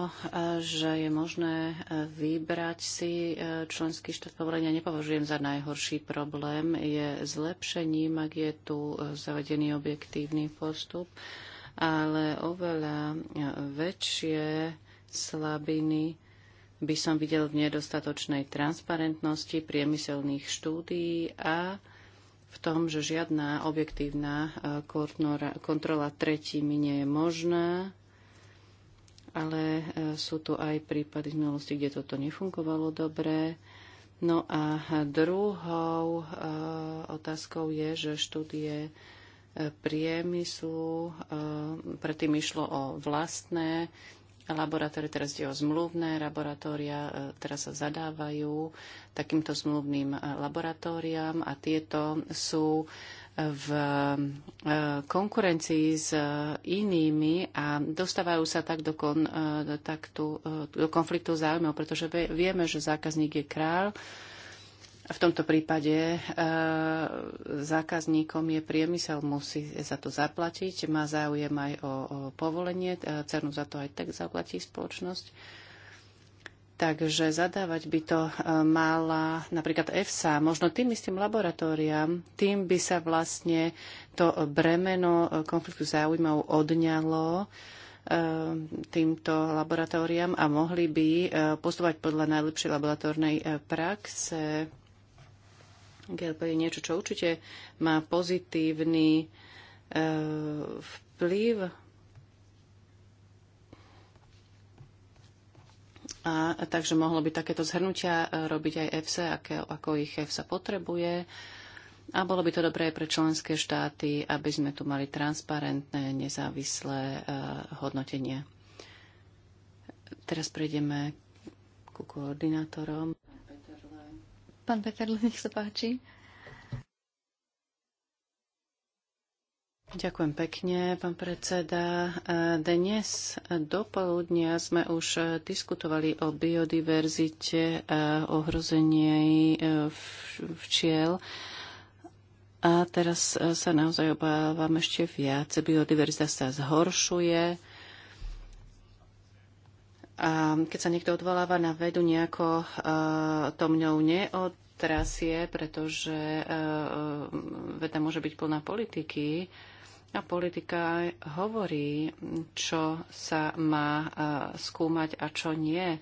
že je možné eh, vybrať si eh, členský štát povolenia, nepovažujem za najhorší problém. Je zlepšením, ak je tu eh, zavedený objektívny postup, ale oveľa väčšie slabiny by som videl v nedostatočnej transparentnosti priemyselných štúdií a v tom, že žiadna objektívna e, kontrola tretími nie je možná, ale e, sú tu aj prípady z minulosti, kde toto nefungovalo dobre. No a druhou e, otázkou je, že štúdie priemyslu, predtým išlo o vlastné laboratórie, teraz je o zmluvné laboratória, e, teraz sa zadávajú takýmto zmluvným e, laboratóriám a tieto sú e, v konkurencii s inými a dostávajú sa tak do, kon, tu, do konfliktu záujmov, pretože vieme, že zákazník je kráľ, v tomto prípade e, zákazníkom je priemysel, musí za to zaplatiť, má záujem aj o, o povolenie, e, cenu za to aj tak zaplatí spoločnosť. Takže zadávať by to e, mala napríklad EFSA, možno tým istým laboratóriám, tým by sa vlastne to bremeno e, konfliktu záujmov odňalo týmto laboratóriám a mohli by postupovať podľa najlepšej laboratórnej praxe GLP je niečo, čo určite má pozitívny e, vplyv a, a takže mohlo by takéto zhrnutia e, robiť aj EFSA, ako, ako ich EFSA potrebuje. A bolo by to dobré pre členské štáty, aby sme tu mali transparentné, nezávislé e, hodnotenie. Teraz prejdeme ku koordinátorom. Pán Peter, nech sa páči. Ďakujem pekne, pán predseda. E, dnes do poludnia sme už diskutovali o biodiverzite, e, ohrození e, včiel. A teraz sa naozaj obávam ešte viac. Biodiverzita sa zhoršuje a keď sa niekto odvoláva na vedu, nejako uh, to mňou neotrasie, pretože uh, veda môže byť plná politiky a politika hovorí, čo sa má uh, skúmať a čo nie.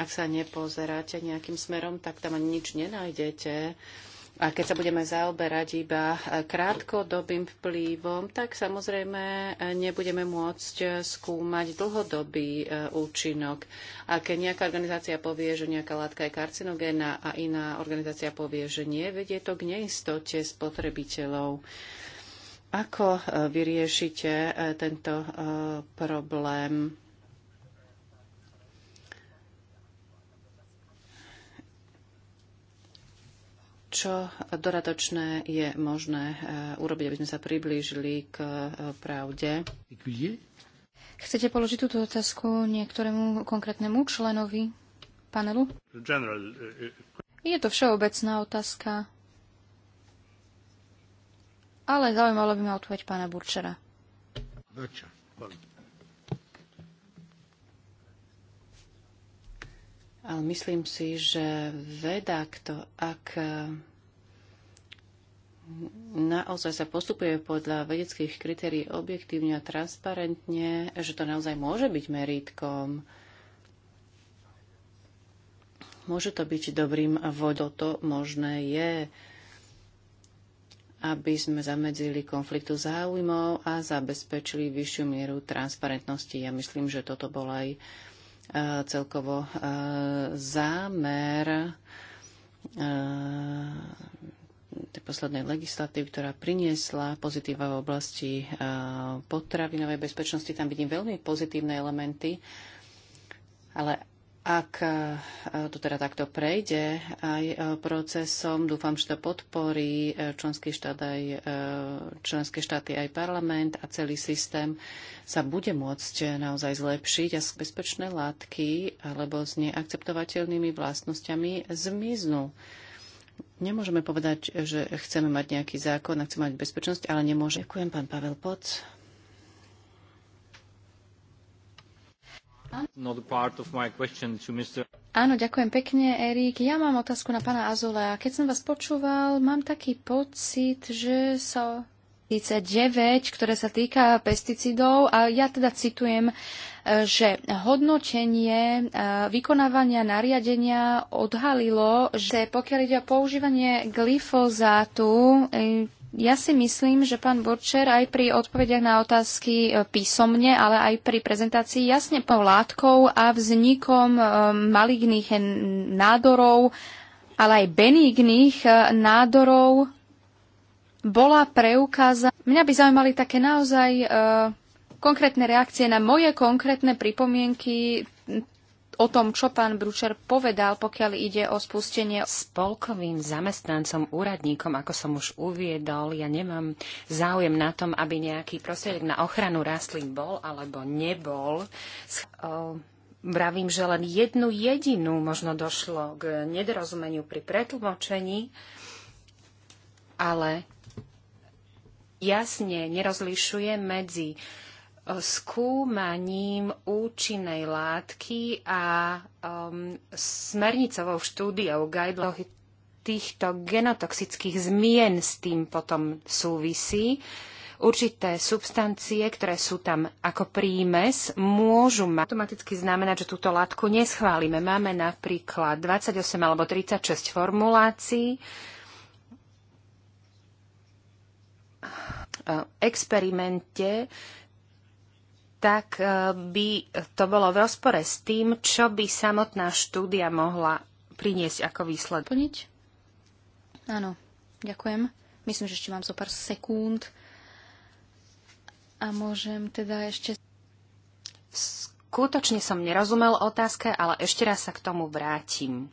Ak sa nepozeráte nejakým smerom, tak tam ani nič nenájdete. Uh, a keď sa budeme zaoberať iba e, krátkodobým vplyvom, tak samozrejme e, nebudeme môcť e, skúmať dlhodobý účinok. A keď nejaká organizácia povie, že nejaká látka je karcinogénna a iná organizácia povie, že nie, vedie to k neistote spotrebiteľov. Ako vyriešite tento problém? čo dodatočné je možné eh, urobiť, aby sme sa priblížili k eh, pravde. Chcete položiť túto otázku niektorému konkrétnemu členovi panelu? Eh, je to všeobecná otázka, ale zaujímalo by ma odpoveď pána Burčera. Burčera. Ale myslím si, že veda, kto, ak eh, naozaj sa postupuje podľa vedeckých kritérií objektívne a transparentne, že to naozaj môže byť merítkom, môže to byť dobrým vodou, to možné je, aby sme zamedzili konfliktu záujmov a zabezpečili vyššiu mieru transparentnosti. Ja myslím, že toto bol aj uh, celkovo e, zámer e, tej poslednej legislatívy, ktorá priniesla pozitíva v oblasti e, potravinovej bezpečnosti. Tam vidím veľmi pozitívne elementy, ale ak e, to teda takto prejde aj e, procesom, dúfam, že to podporí e, členský štát aj, členské štáty aj parlament a celý systém sa bude môcť naozaj zlepšiť a bezpečné látky alebo s neakceptovateľnými vlastnosťami zmiznú. Nemôžeme povedať, že chceme mať nejaký zákon a chceme mať bezpečnosť, ale nemôžeme. Ďakujem, pán Pavel Poc. Áno, ďakujem pekne, Erik. Ja mám otázku na pána A Keď som vás počúval, mám taký pocit, že sa 39, ktoré sa týka pesticidov. A ja teda citujem, e, že hodnotenie e, vykonávania nariadenia odhalilo, že pokiaľ ide o používanie glyfozátu, e, ja si myslím, že pán Burčer aj pri odpovediach na otázky e, písomne, ale aj pri prezentácii jasne po látkou a vznikom e, maligných nádorov, ale aj benigných e, nádorov bola preukázaná. Mňa by zaujímali také naozaj konkrétne reakcie na moje konkrétne pripomienky o tom, čo pán Bručer povedal, pokiaľ ide o spustenie. Spolkovým zamestnancom, úradníkom, ako som už uviedol, ja nemám záujem na tom, aby nejaký prostriedok na ochranu rastlín bol alebo nebol. Vravím, že len jednu jedinú možno došlo k nedorozumeniu pri pretlmočení, ale jasne nerozlišuje medzi uh, skúmaním účinnej látky a um, smernicovou štúdiou guidelines týchto genotoxických zmien s tým potom súvisí. Určité substancie, ktoré sú tam ako prímes, môžu mať. automaticky znamenať, že túto látku neschválime. Máme napríklad 28 alebo 36 formulácií, experimente tak eh, by to bolo v rozpore s tým, čo by samotná štúdia mohla priniesť ako výsledok. Plniť? Áno, ďakujem. Myslím, že ešte mám zo pár sekúnd. A môžem teda ešte... Skutočne som nerozumel otázke, ale ešte raz sa k tomu vrátim.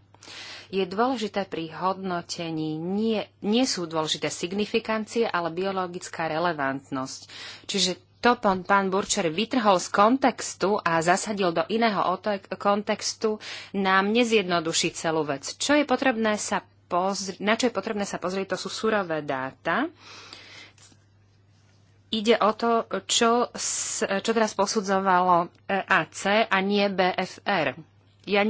Je dôležité pri hodnotení, nie, nie sú dôležité signifikancie, ale biologická relevantnosť. Čiže to pán, pán Burčer vytrhol z kontextu a zasadil do iného kontextu, nám nezjednoduší celú vec. Čo je potrebné sa pozri- na čo je potrebné sa pozrieť, to sú surové dáta. Ide o to, čo, s, čo teraz posudzovalo e, AC a nie BFR. Ja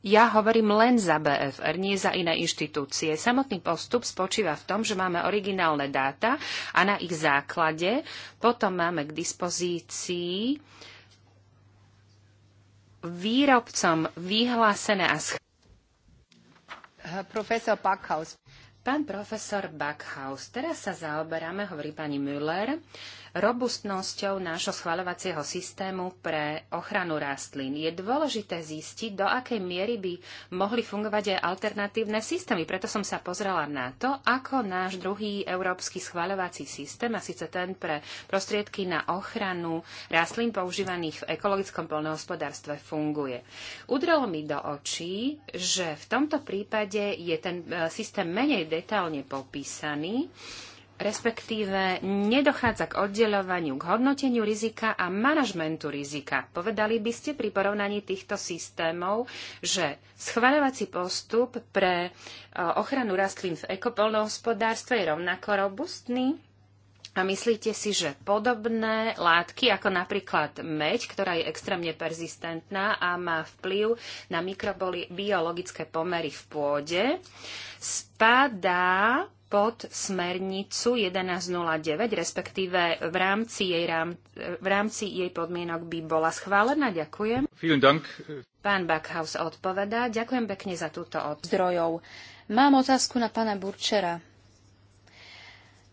ja hovorím len za BFR, nie za iné inštitúcie. Samotný postup spočíva v tom, že máme originálne dáta a na ich základe potom máme k dispozícii výrobcom vyhlásené a sch- Profesor Backhaus. Pán profesor Backhaus, teraz sa zaoberáme, hovorí pani Müller, robustnosťou nášho schvaľovacieho systému pre ochranu rastlín. Je dôležité zistiť, do akej miery by mohli fungovať aj alternatívne systémy. Preto som sa pozrela na to, ako náš druhý európsky schvaľovací systém, a síce ten pre prostriedky na ochranu rastlín používaných v ekologickom poľnohospodárstve, funguje. Udrelo mi do očí, že v tomto prípade je ten e, systém menej detálne popísaný, respektíve nedochádza k oddeľovaniu, k hodnoteniu rizika a manažmentu rizika. Povedali by ste pri porovnaní týchto systémov, že schvaľovací postup pre e, ochranu rastlín v ekopolnohospodárstve je rovnako robustný? A myslíte si, že podobné látky, ako napríklad meď, ktorá je extrémne persistentná a má vplyv na mikrobiologické pomery v pôde, spadá pod smernicu 1109, respektíve v rámci jej, rám, v rámci jej podmienok by bola schválená. Ďakujem. Dank. Pán Backhaus odpovedá. Ďakujem pekne za túto od zdrojov. Mám otázku na pána Burčera.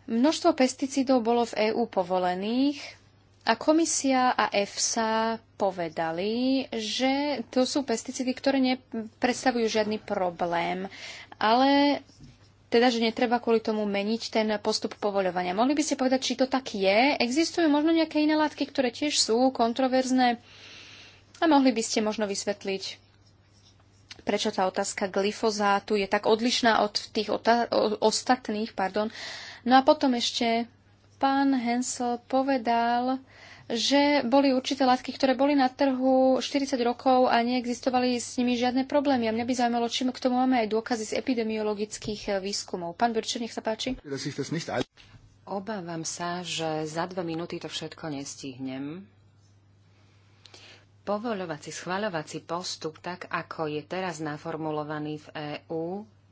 Množstvo pesticídov bolo v EÚ povolených a komisia a EFSA povedali, že to sú pesticídy, ktoré nepredstavujú žiadny problém ale teda, že netreba kvôli tomu meniť ten postup povoľovania. Mohli by ste povedať, či to tak je? Existujú možno nejaké iné látky, ktoré tiež sú kontroverzné? A mohli by ste možno vysvetliť, prečo tá otázka glyfozátu je tak odlišná od tých ostatných. Pardon. No a potom ešte pán Hensel povedal, že boli určité látky, ktoré boli na trhu 40 rokov a neexistovali s nimi žiadne problémy. A mňa by zaujímalo, či k tomu máme aj dôkazy z epidemiologických eh, výskumov. Pán Birčer, nech sa páči. Obávam sa, že za dve minúty to všetko nestihnem povoľovací, schvaľovací postup, tak ako je teraz naformulovaný v EÚ,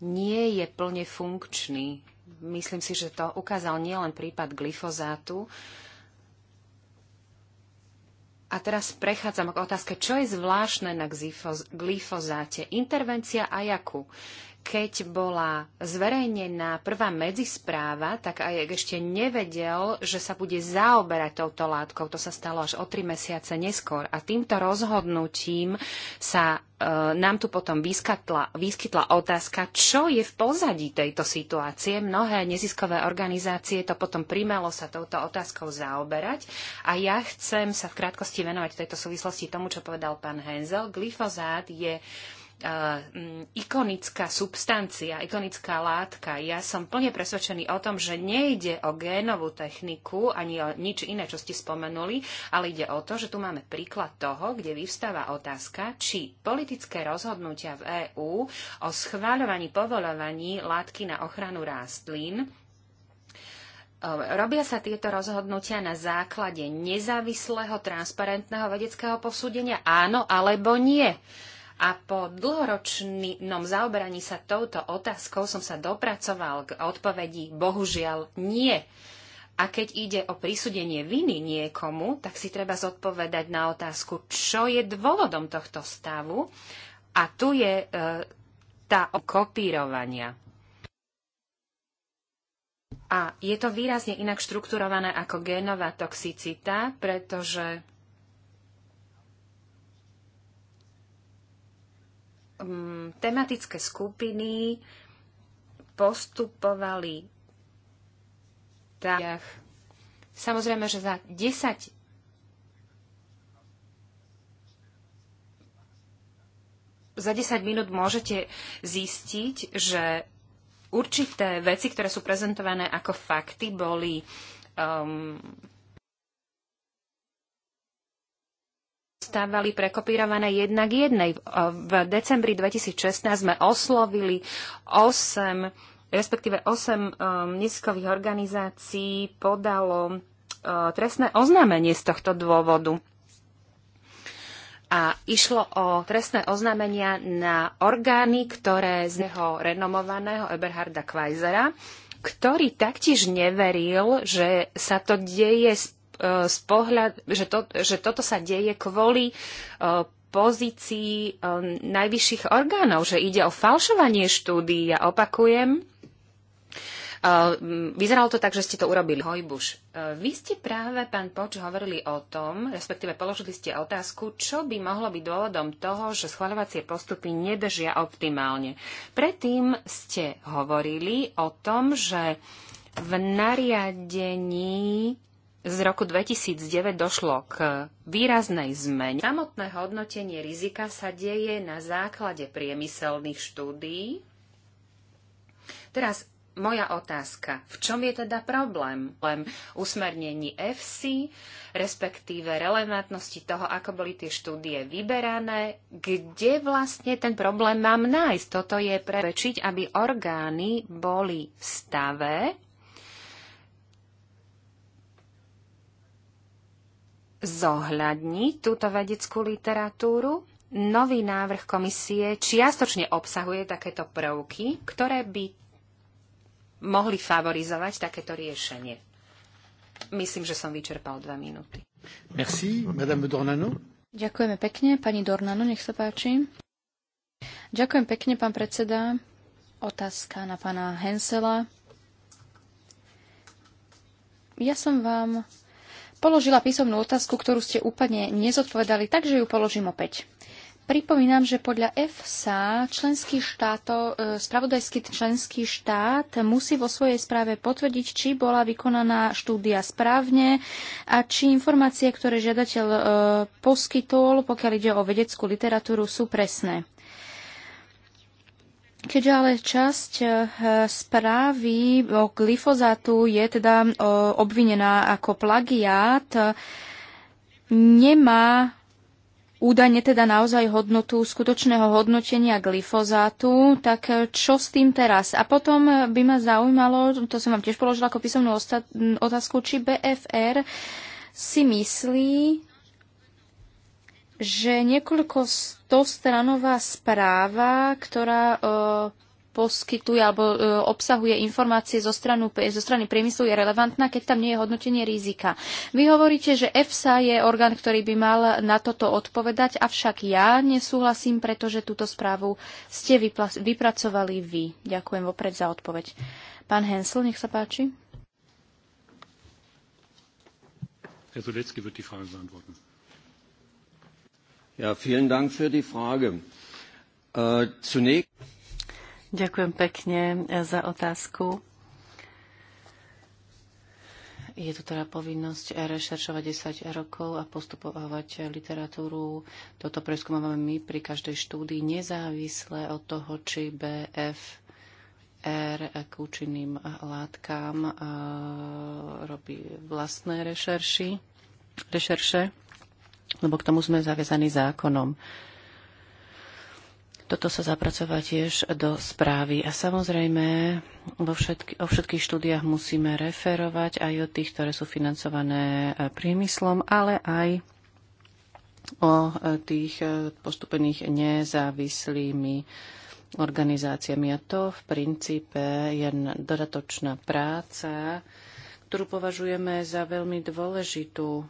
nie je plne funkčný. Myslím si, že to ukázal nielen prípad glyfozátu, a teraz prechádzam k otázke, čo je zvláštne na glyfozáte. Intervencia ajaku keď bola zverejnená prvá medzispráva, tak aj ešte nevedel, že sa bude zaoberať touto látkou. To sa stalo až o tri mesiace neskôr. A týmto rozhodnutím sa e, nám tu potom vyskytla, vyskytla otázka, čo je v pozadí tejto situácie. Mnohé neziskové organizácie to potom primelo sa touto otázkou zaoberať. A ja chcem sa v krátkosti venovať v tejto súvislosti tomu, čo povedal pán Henzel. Glyfozát je Mm, ikonická substancia, ikonická látka. Ja som plne presvedčený o tom, že nejde o génovú techniku ani o nič iné, čo ste spomenuli, ale ide o to, že tu máme príklad toho, kde vyvstáva otázka, či politické rozhodnutia v EÚ o schváľovaní, povolovaní látky na ochranu rastlín Robia sa tieto rozhodnutia na základe nezávislého, transparentného vedeckého posúdenia? Áno alebo nie? A po dlhoročnom zaoberaní sa touto otázkou som sa dopracoval k odpovedi bohužiaľ nie. A keď ide o prisudenie viny niekomu, tak si treba zodpovedať na otázku, čo je dôvodom tohto stavu. A tu je e, tá kopírovania. A je to výrazne inak štrukturované ako génová toxicita, pretože um, tematické skupiny postupovali tak. Samozrejme, že za 10 za 10 minút môžete zistiť, že určité veci, ktoré sú prezentované ako fakty, boli um, stávali prekopírované jedna k jednej. V eh, decembri 2016 sme oslovili 8, respektíve 8 eh, neziskových organizácií podalo eh, trestné oznámenie z tohto dôvodu a išlo o trestné oznámenia na orgány, ktoré z neho renomovaného Eberharda Kvajzera, ktorý taktiež neveril, že sa to deje s E, z pohľad, že, to, že toto sa deje kvôli e, pozícii e, najvyšších orgánov, že ide o falšovanie štúdií. Ja opakujem, vyzeralo to tak, že ste to urobili. Hojbuš, vy ste práve, pán Poč, hovorili o tom, respektíve položili ste otázku, čo by mohlo byť dôvodom toho, že schváľovacie postupy nedržia optimálne. Predtým ste hovorili o tom, že v nariadení z roku 2009 došlo k výraznej zmene. Samotné hodnotenie rizika sa deje na základe priemyselných štúdií. Teraz moja otázka. V čom je teda problém? Len usmernení FC, respektíve relevantnosti toho, ako boli tie štúdie vyberané, kde vlastne ten problém mám nájsť? Toto je prevečiť, aby orgány boli v stave zohľadniť túto vedeckú literatúru. Nový návrh komisie čiastočne obsahuje takéto prvky, ktoré by mohli favorizovať takéto riešenie. Myslím, že som vyčerpal dve minúty. Merci, Madame Dornano. Ďakujeme pekne. Pani Dornano, nech sa páči. Ďakujem pekne, pán predseda. Otázka na pána Hensela. Ja som vám položila písomnú otázku, ktorú ste úplne nezodpovedali, takže ju položím opäť. Pripomínam, že podľa EFSA členský štáto, e, spravodajský členský štát musí vo svojej správe potvrdiť, či bola vykonaná štúdia správne a či informácie, ktoré žiadateľ e, poskytol, pokiaľ ide o vedeckú literatúru, sú presné. Keďže ale časť eh, správy o glyfozátu je teda obvinená ako plagiát, nemá údajne teda naozaj hodnotu skutočného hodnotenia glyfozátu, tak eh, čo s tým teraz? A potom eh, by ma zaujímalo, to som vám tiež položila ako písomnú otázku, či BFR si myslí, že niekoľko stostranová správa, ktorá e, poskytuje alebo e, obsahuje informácie zo, stranu, zo strany priemyslu je relevantná, keď tam nie je hodnotenie rizika. Vy hovoríte, že EFSA je orgán, ktorý by mal na toto odpovedať, avšak ja nesúhlasím, pretože túto správu ste vypracovali vy. Ďakujem vopred za odpoveď. Pán Hensel, nech sa páči. Ja Zuletzky wird die Frage beantworten. Ja, vielen Dank für die Frage. Uh, zunächst... Ďakujem pekne äh, za otázku. Je tu teda povinnosť äh, rešeršovať 10 rokov a postupovať literatúru. Toto preskúmame my pri každej štúdii, nezávisle od toho, či BF k účinným látkam robí vlastné rešerši, rešerše lebo k tomu sme zaviazaní zákonom. Toto sa zapracovať tiež do správy. A samozrejme, vo všetky, o všetkých štúdiách musíme referovať aj o tých, ktoré sú financované e, priemyslom, ale aj o e, tých e, postupených nezávislými organizáciami. A to v princípe je dodatočná práca, ktorú považujeme za veľmi dôležitú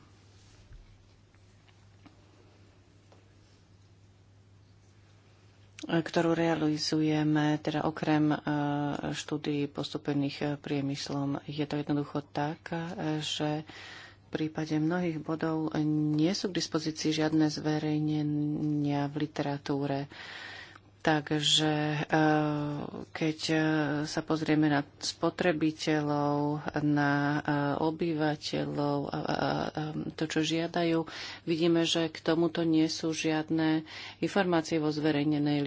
ktorú realizujeme, teda okrem e, štúdií postupených e, priemyslom. Je to jednoducho tak, e, že v prípade mnohých bodov nie sú k dispozícii žiadne zverejnenia v literatúre. Takže e, keď e, sa pozrieme na spotrebiteľov, na e, obyvateľov a to, čo žiadajú, vidíme, že k tomuto nie sú žiadne informácie vo zverejnenej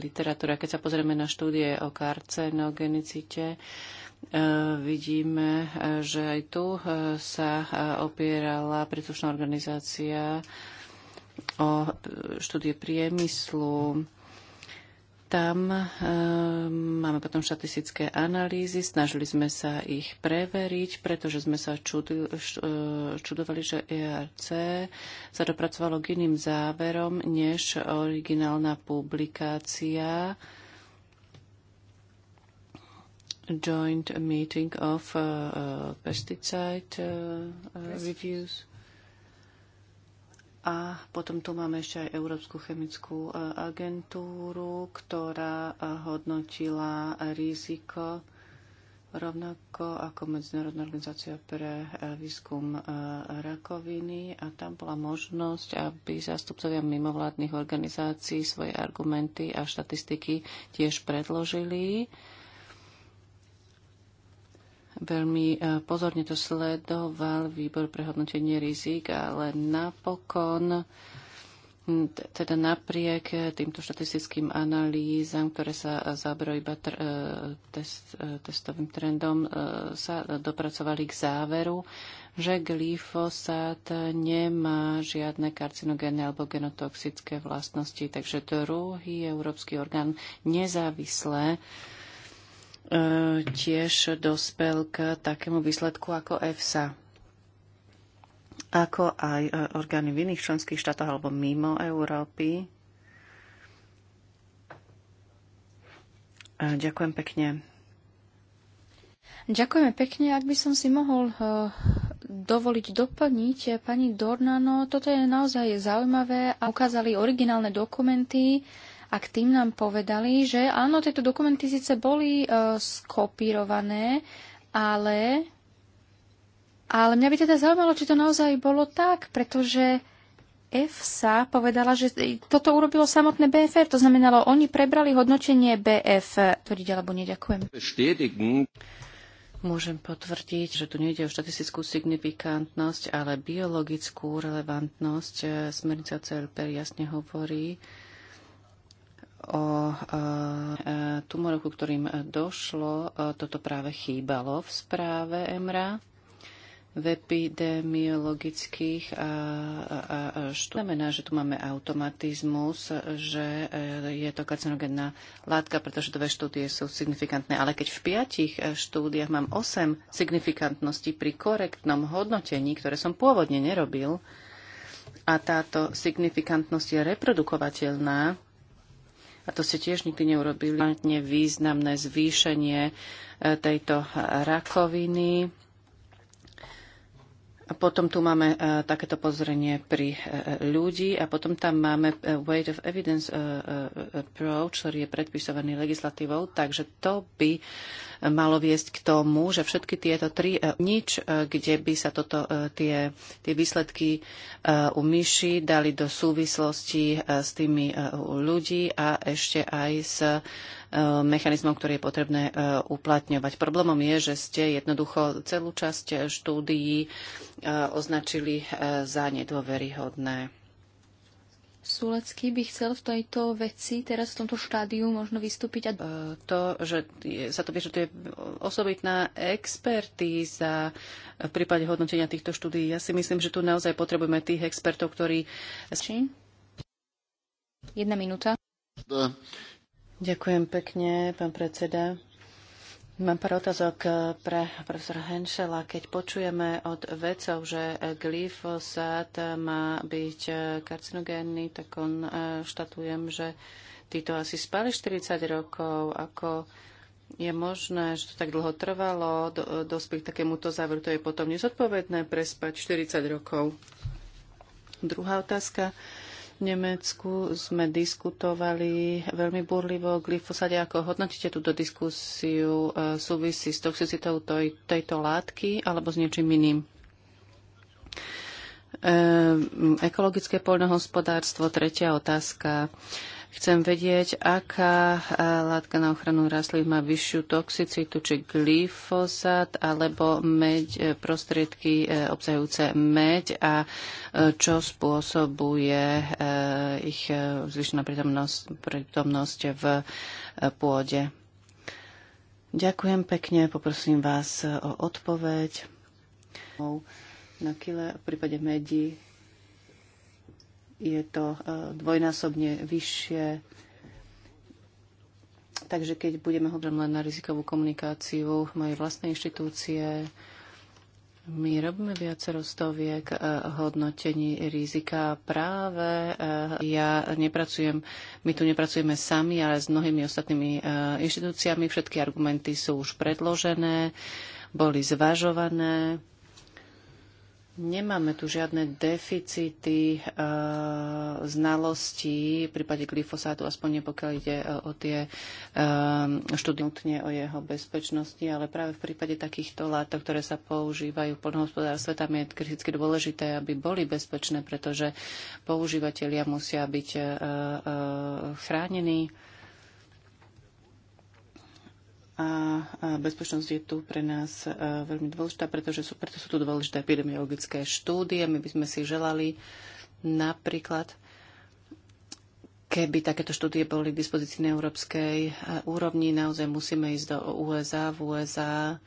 literatúre. Keď sa pozrieme na štúdie o karcenogenicite, vidíme, že aj tu sa opierala príslušná organizácia o štúdie priemyslu, tam e, máme potom štatistické analýzy, snažili sme sa ich preveriť, pretože sme sa čudili, e, čudovali, že ERC sa dopracovalo k iným záverom než originálna publikácia Joint Meeting of uh, Pesticide uh, Reviews. A potom tu máme ešte aj Európsku chemickú e, agentúru, ktorá e, hodnotila riziko rovnako ako Medzinárodná organizácia pre e, výskum rakoviny a tam bola možnosť, aby zástupcovia mimovládnych organizácií svoje argumenty a štatistiky tiež predložili. Veľmi e, pozorne to sledoval výbor pre hodnotenie rizik, ale napokon teda napriek e, týmto štatistickým analýzam, ktoré sa e, zabrú iba tr- test, testovým trendom, sa dopracovali k záveru, že glyfosát nemá žiadne karcinogénne alebo genotoxické vlastnosti. Takže druhý európsky orgán nezávisle E, tiež dospel k takému výsledku ako EFSA ako aj e, orgány v iných členských štátoch alebo mimo Európy. E, ďakujem pekne. Ďakujeme pekne. Ak by som si mohol dovoliť doplniť, pani Dornano, toto je naozaj zaujímavé a ukázali originálne dokumenty, a k tým nám povedali, že áno, tieto dokumenty síce boli uh, skopírované, ale, ale mňa by teda zaujímalo, či to naozaj bolo tak, pretože EFSA povedala, že toto urobilo samotné BFR, to znamenalo, oni prebrali hodnotenie BF. ide, alebo neďakujem. Môžem potvrdiť, že tu nejde o štatistickú signifikantnosť, ale biologickú relevantnosť. E, smernica CLP jasne hovorí, o e, tumoroch, ku ktorým došlo, e, toto práve chýbalo v správe EMRA v epidemiologických štú... Znamená, že tu máme automatizmus, že e, je to karcinogénna látka, pretože dve štúdie sú signifikantné. Ale keď v piatich štúdiách mám 8 signifikantností pri korektnom hodnotení, ktoré som pôvodne nerobil, a táto signifikantnosť je reprodukovateľná, a to ste tiež nikdy neurobili, významné zvýšenie e, tejto rakoviny. A potom tu máme e, takéto pozrenie pri e, ľudí a potom tam máme weight of evidence approach, ktorý je predpisovaný legislatívou, takže to by malo viesť k tomu, že všetky tieto tri e, nič, e, kde by sa toto, e, tie, tie výsledky u myši dali do súvislosti s tými ľudí a ešte aj s mechanizmom, ktorý je potrebné uplatňovať. Problémom je, že ste jednoducho celú časť štúdií označili za nedôveryhodné. Sulecký by chcel v tejto veci teraz v tomto štádiu možno vystúpiť. A... E, to, že sa to že je osobitná expertíza v prípade hodnotenia týchto štúdií. Ja si myslím, že tu naozaj potrebujeme tých expertov, ktorí... Či? Jedna minúta. Ďakujem pekne, pán predseda. Mám pár otázok eh, pre profesora Henšela. Keď počujeme od vedcov, že eh, glyfosát eh, má byť karcinogénny, tak on štatujem, že títo asi spali 40 rokov. Ako je možné, že to tak dlho trvalo, dospieť k takémuto záveru, to je potom nezodpovedné prespať 40 rokov. Druhá otázka. V Nemecku sme diskutovali veľmi burlivo o glyfosáde. Ako hodnotíte túto diskusiu e, súvisí s toxicitou tejto látky alebo s niečím iným? E, ekologické poľnohospodárstvo, tretia otázka. Chcem vedieť, aká eh, látka na ochranu rastlín má vyššiu toxicitu, či glyfosát alebo meď, eh, prostriedky eh, obsahujúce meď a čo spôsobuje ich zvyšná prítomnosť, prítomnosť v pôde. Ďakujem pekne, poprosím vás o odpoveď. Na kile v prípade medí je to e, dvojnásobne vyššie. Takže keď budeme hovoriť len na rizikovú komunikáciu mojej vlastnej inštitúcie, my robíme viacero stoviek e, hodnotení rizika práve. E, ja nepracujem, my tu nepracujeme sami, ale s mnohými ostatnými inštitúciami. Všetky argumenty sú už predložené, boli zvažované. Nemáme tu žiadne deficity e, znalostí v prípade glyfosátu, aspoň pokiaľ ide e, o tie e, študnutne o jeho bezpečnosti, ale práve v prípade takýchto látok, ktoré sa používajú v poľnohospodárstve, tam je kriticky dôležité, aby boli bezpečné, pretože používateľia musia byť e, e, chránení a bezpečnosť je tu pre nás e, veľmi dôležitá, pretože sú, preto sú tu dôležité epidemiologické štúdie. My by sme si želali napríklad, keby takéto štúdie boli k dispozícii na európskej e, úrovni, naozaj musíme ísť do USA. V USA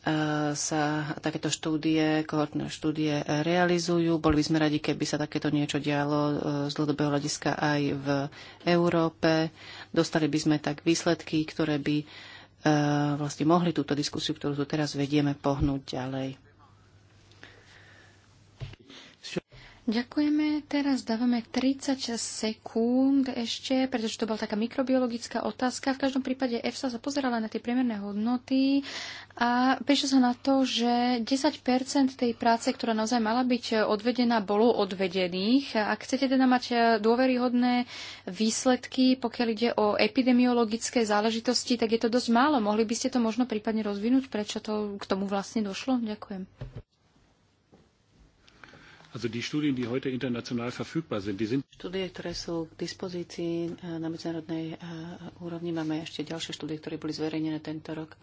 E, sa takéto štúdie, kohortné štúdie e, realizujú. Boli by sme radi, keby sa takéto niečo dialo e, z dlhodobého hľadiska aj v Európe. Dostali by sme tak výsledky, ktoré by vlastne mohli túto diskusiu, ktorú tu teraz vedieme, pohnúť ďalej. Ďakujeme. Teraz dávame 36 sekúnd ešte, pretože to bola taká mikrobiologická otázka. V každom prípade EFSA sa pozerala na tie priemerné hodnoty a prišlo sa na to, že 10% tej práce, ktorá naozaj mala byť odvedená, bolo odvedených. Ak chcete teda mať dôveryhodné výsledky, pokiaľ ide o epidemiologické záležitosti, tak je to dosť málo. Mohli by ste to možno prípadne rozvinúť, prečo to k tomu vlastne došlo? Ďakujem. Also die Studien, die heute international verfügbar sind, die sind Studie, ktoré sú k dispozícii eh, na medzinárodnej eh, úrovni, máme ešte ďalšie štúdie, ktoré boli zverejnené tento rok,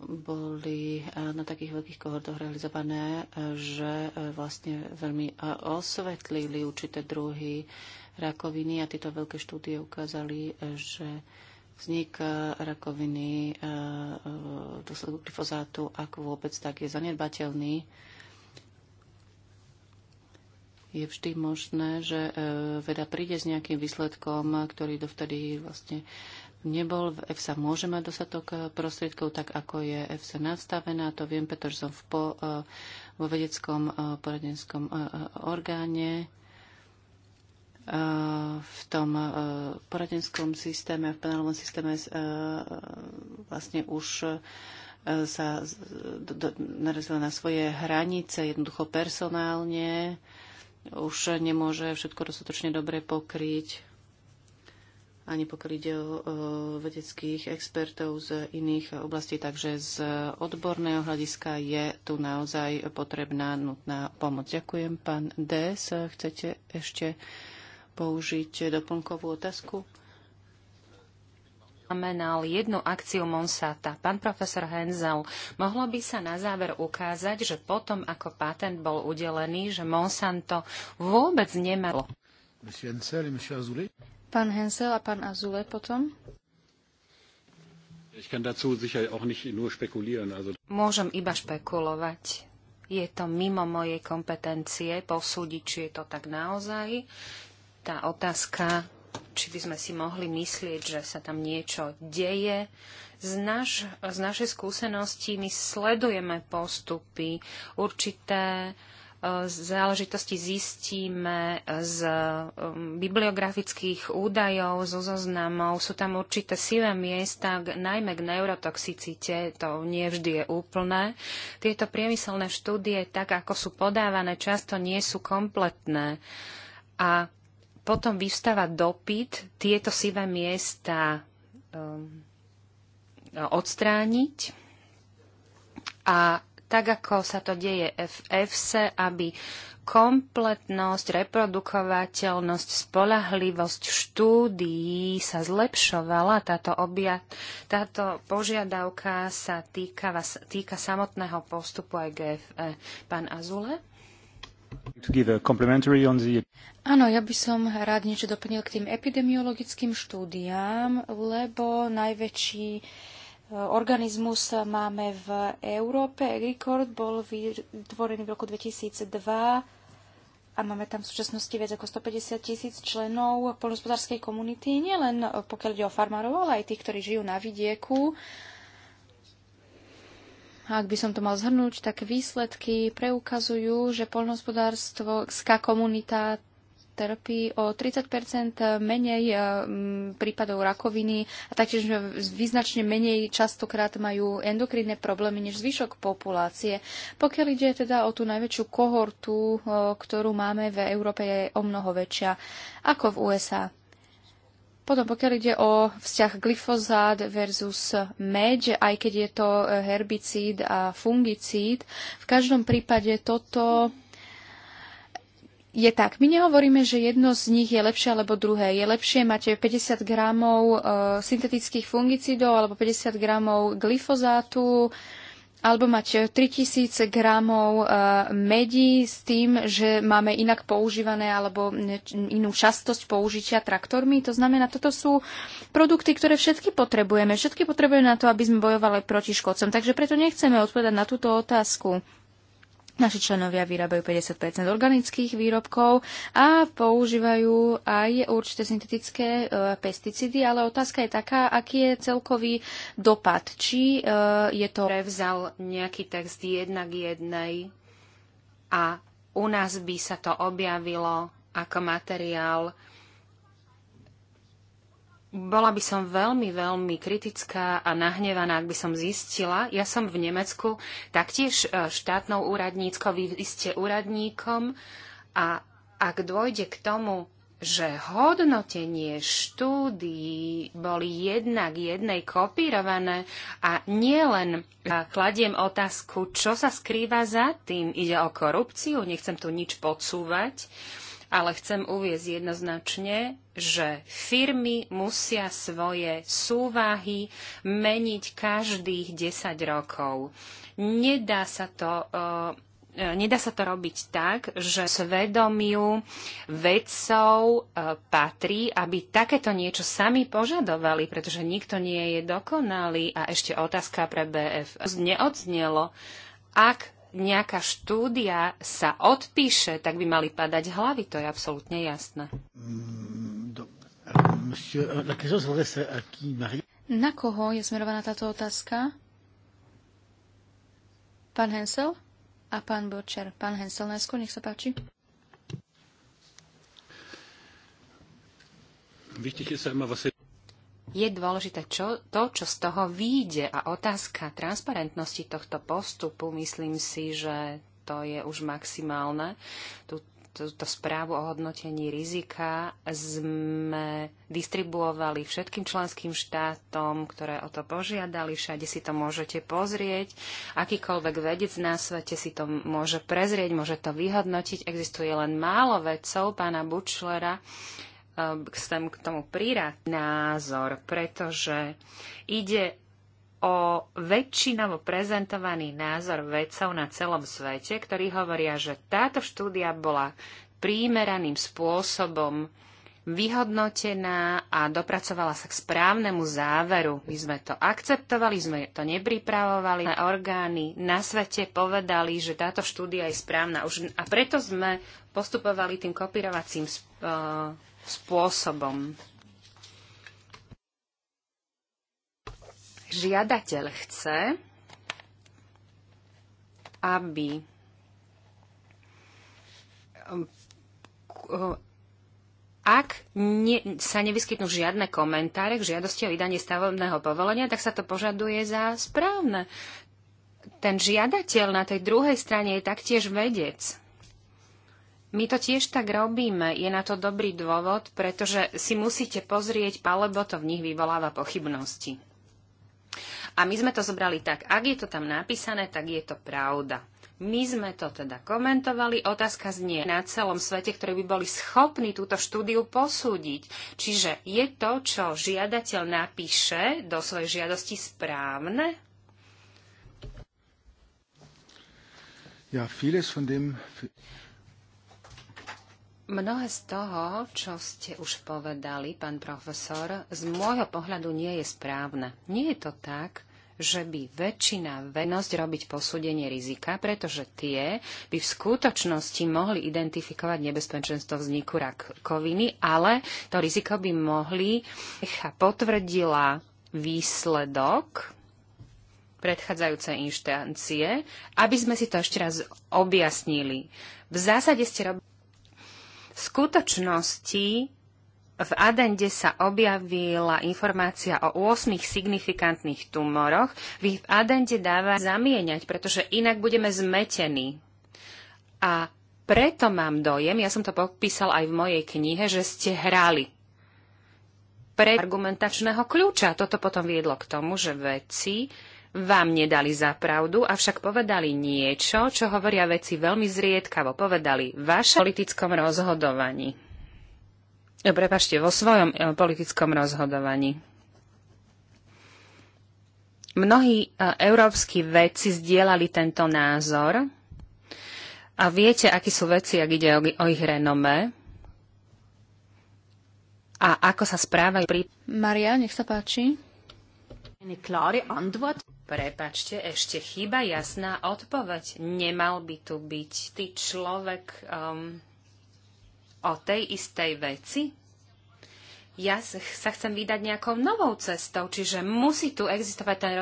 boli eh, na takých veľkých kohortoch realizované, že vlastne veľmi osvetlili určité druhy rakoviny a tieto veľké štúdie ukázali, že vznik rakoviny v dôsledku glyfozátu, ak vôbec tak, je zanedbateľný je vždy možné, že e, veda príde s nejakým výsledkom, ktorý dovtedy vlastne nebol. V EFSA môže mať dostatok e, prostriedkov, tak ako je EFSA nastavená. To viem, pretože som v po, e, vo vedeckom poradenskom orgáne v tom poradenskom systéme, v panelovom systéme vlastne už sa narazila na svoje hranice, jednoducho personálne už nemôže všetko dostatočne dobre pokryť ani pokryť vedeckých expertov z iných oblastí. Takže z odborného hľadiska je tu naozaj potrebná nutná pomoc. Ďakujem. Pán DS, chcete ešte použiť doplnkovú otázku? zaznamenal jednu akciu Monsanta. Pán profesor Henzel, mohlo by sa na záver ukázať, že potom, ako patent bol udelený, že Monsanto vôbec nemalo. Pán Hensel a pán Azule potom. Môžem iba špekulovať. Je to mimo mojej kompetencie posúdiť, či je to tak naozaj. Tá otázka či by sme si mohli myslieť, že sa tam niečo deje. Z, naš, z našej skúsenosti my sledujeme postupy, určité e, záležitosti zistíme z e, bibliografických údajov, zo zoznamov. Sú tam určité sivé miesta, najmä k neurotoxicite, to nie vždy je úplné. Tieto priemyselné štúdie, tak ako sú podávané, často nie sú kompletné. A potom vystáva dopyt tieto sivé miesta um, odstrániť a tak, ako sa to deje v EFSE, aby kompletnosť, reprodukovateľnosť, spolahlivosť štúdií sa zlepšovala. Táto, obja- táto požiadavka sa týka, týka samotného postupu aj GFE. Pán Azule? Áno, ja by som rád niečo doplnil k tým epidemiologickým štúdiám, lebo najväčší e, organizmus máme v Európe. Agricord bol vytvorený v roku 2002 a máme tam v súčasnosti viac ako 150 tisíc členov polnospodárskej komunity, nielen pokiaľ ide o farmárov, ale aj tých, ktorí žijú na vidieku ak by som to mal zhrnúť, tak výsledky preukazujú, že poľnohospodárstvo komunita trpí o 30 menej eh, prípadov rakoviny a taktiež význačne menej častokrát majú endokrinné problémy než zvyšok populácie. Pokiaľ ide teda o tú najväčšiu kohortu, eh, ktorú máme v Európe, je o mnoho väčšia ako v USA. Potom, pokiaľ ide o vzťah glyfozát versus meď, aj keď je to e, herbicíd a fungicíd, v každom prípade toto je tak. My nehovoríme, že jedno z nich je lepšie alebo druhé. Je lepšie, máte 50 gramov e, syntetických fungicídov alebo 50 gramov glyfozátu, alebo mať 3000 e, gramov e, medí s tým, že máme inak používané alebo inú častosť použitia traktormi. To znamená, toto sú produkty, ktoré všetky potrebujeme. Všetky potrebujeme na to, aby sme bojovali proti škodcom. Takže preto nechceme odpovedať na túto otázku. Naši členovia vyrábajú 50 organických výrobkov a používajú aj určité syntetické e, pesticídy, ale otázka je taká, aký je celkový dopad. Či e, je to... Prevzal nejaký text jedna k jednej a u nás by sa to objavilo ako materiál bola by som veľmi, veľmi kritická a nahnevaná, ak by som zistila. Ja som v Nemecku taktiež e, štátnou úradníckou, vy ste úradníkom a ak dôjde k tomu, že hodnotenie štúdií boli jednak jednej kopírované a nielen e, kladiem otázku, čo sa skrýva za tým. Ide o korupciu, nechcem tu nič podsúvať ale chcem uviezť jednoznačne, že firmy musia svoje súvahy meniť každých 10 rokov. Nedá sa to uh, nedá sa to robiť tak, že svedomiu vedcov e, patrí, aby takéto niečo sami požadovali, pretože nikto nie je dokonalý. A ešte otázka pre BF. Neodznelo, ak nejaká štúdia sa odpíše, tak by mali padať hlavy, to je absolútne jasné. Na koho je smerovaná táto otázka? Pán Hensel a pán Bočer. Pán Hensel, najskôr, nech sa páči. Vítejte sa, ma vás... was je dôležité čo, to, čo z toho výjde. A otázka transparentnosti tohto postupu, myslím si, že to je už maximálne. Tú, túto správu o hodnotení rizika sme distribuovali všetkým členským štátom, ktoré o to požiadali. Všade si to môžete pozrieť. Akýkoľvek vedec na svete si to môže prezrieť, môže to vyhodnotiť. Existuje len málo vedcov pána Bučlera, chcem k tomu prirať názor, pretože ide o väčšinovo prezentovaný názor vedcov na celom svete, ktorí hovoria, že táto štúdia bola prímeraným spôsobom vyhodnotená a dopracovala sa k správnemu záveru. My sme to akceptovali, sme to nepripravovali. Orgány na svete povedali, že táto štúdia je správna. Už, a preto sme postupovali tým kopírovacím uh, spôsobom. Žiadateľ chce, aby um, ak ne, sa nevyskytnú žiadne komentáre k žiadosti o vydanie stavebného povolenia, tak sa to požaduje za správne. Ten žiadateľ na tej druhej strane je taktiež vedec. My to tiež tak robíme. Je na to dobrý dôvod, pretože si musíte pozrieť, alebo to v nich vyvoláva pochybnosti. A my sme to zobrali tak, ak je to tam napísané, tak je to pravda. My sme to teda komentovali, otázka znie na celom svete, ktorí by boli schopní túto štúdiu posúdiť. Čiže je to, čo žiadateľ napíše do svojej žiadosti správne? Ja, vieles von dem... Mnohé z toho, čo ste už povedali, pán profesor, z môjho pohľadu nie je správne. Nie je to tak, že by väčšina venosť robiť posúdenie rizika, pretože tie by v skutočnosti mohli identifikovať nebezpečenstvo vzniku rakoviny, ale to riziko by mohli potvrdila výsledok predchádzajúce inštancie, aby sme si to ešte raz objasnili. V zásade ste robili v skutočnosti v adende sa objavila informácia o 8 signifikantných tumoroch. Vy v adende dáva zamieňať, pretože inak budeme zmetení. A preto mám dojem, ja som to popísal aj v mojej knihe, že ste hrali pre argumentačného kľúča. Toto potom viedlo k tomu, že vedci vám nedali za pravdu, avšak povedali niečo, čo hovoria veci veľmi zriedkavo. Povedali vašom politickom rozhodovaní. Prepašte, vo svojom e, politickom rozhodovaní. Mnohí e, európsky vedci zdieľali tento názor a viete, akí sú veci, ak ide o ich renome. a ako sa správajú pri... Maria, nech sa páči. Prepačte, ešte chyba jasná odpoveď. Nemal by tu byť ty človek um, o tej istej veci? Ja sa chcem vydať nejakou novou cestou, čiže musí tu existovať ten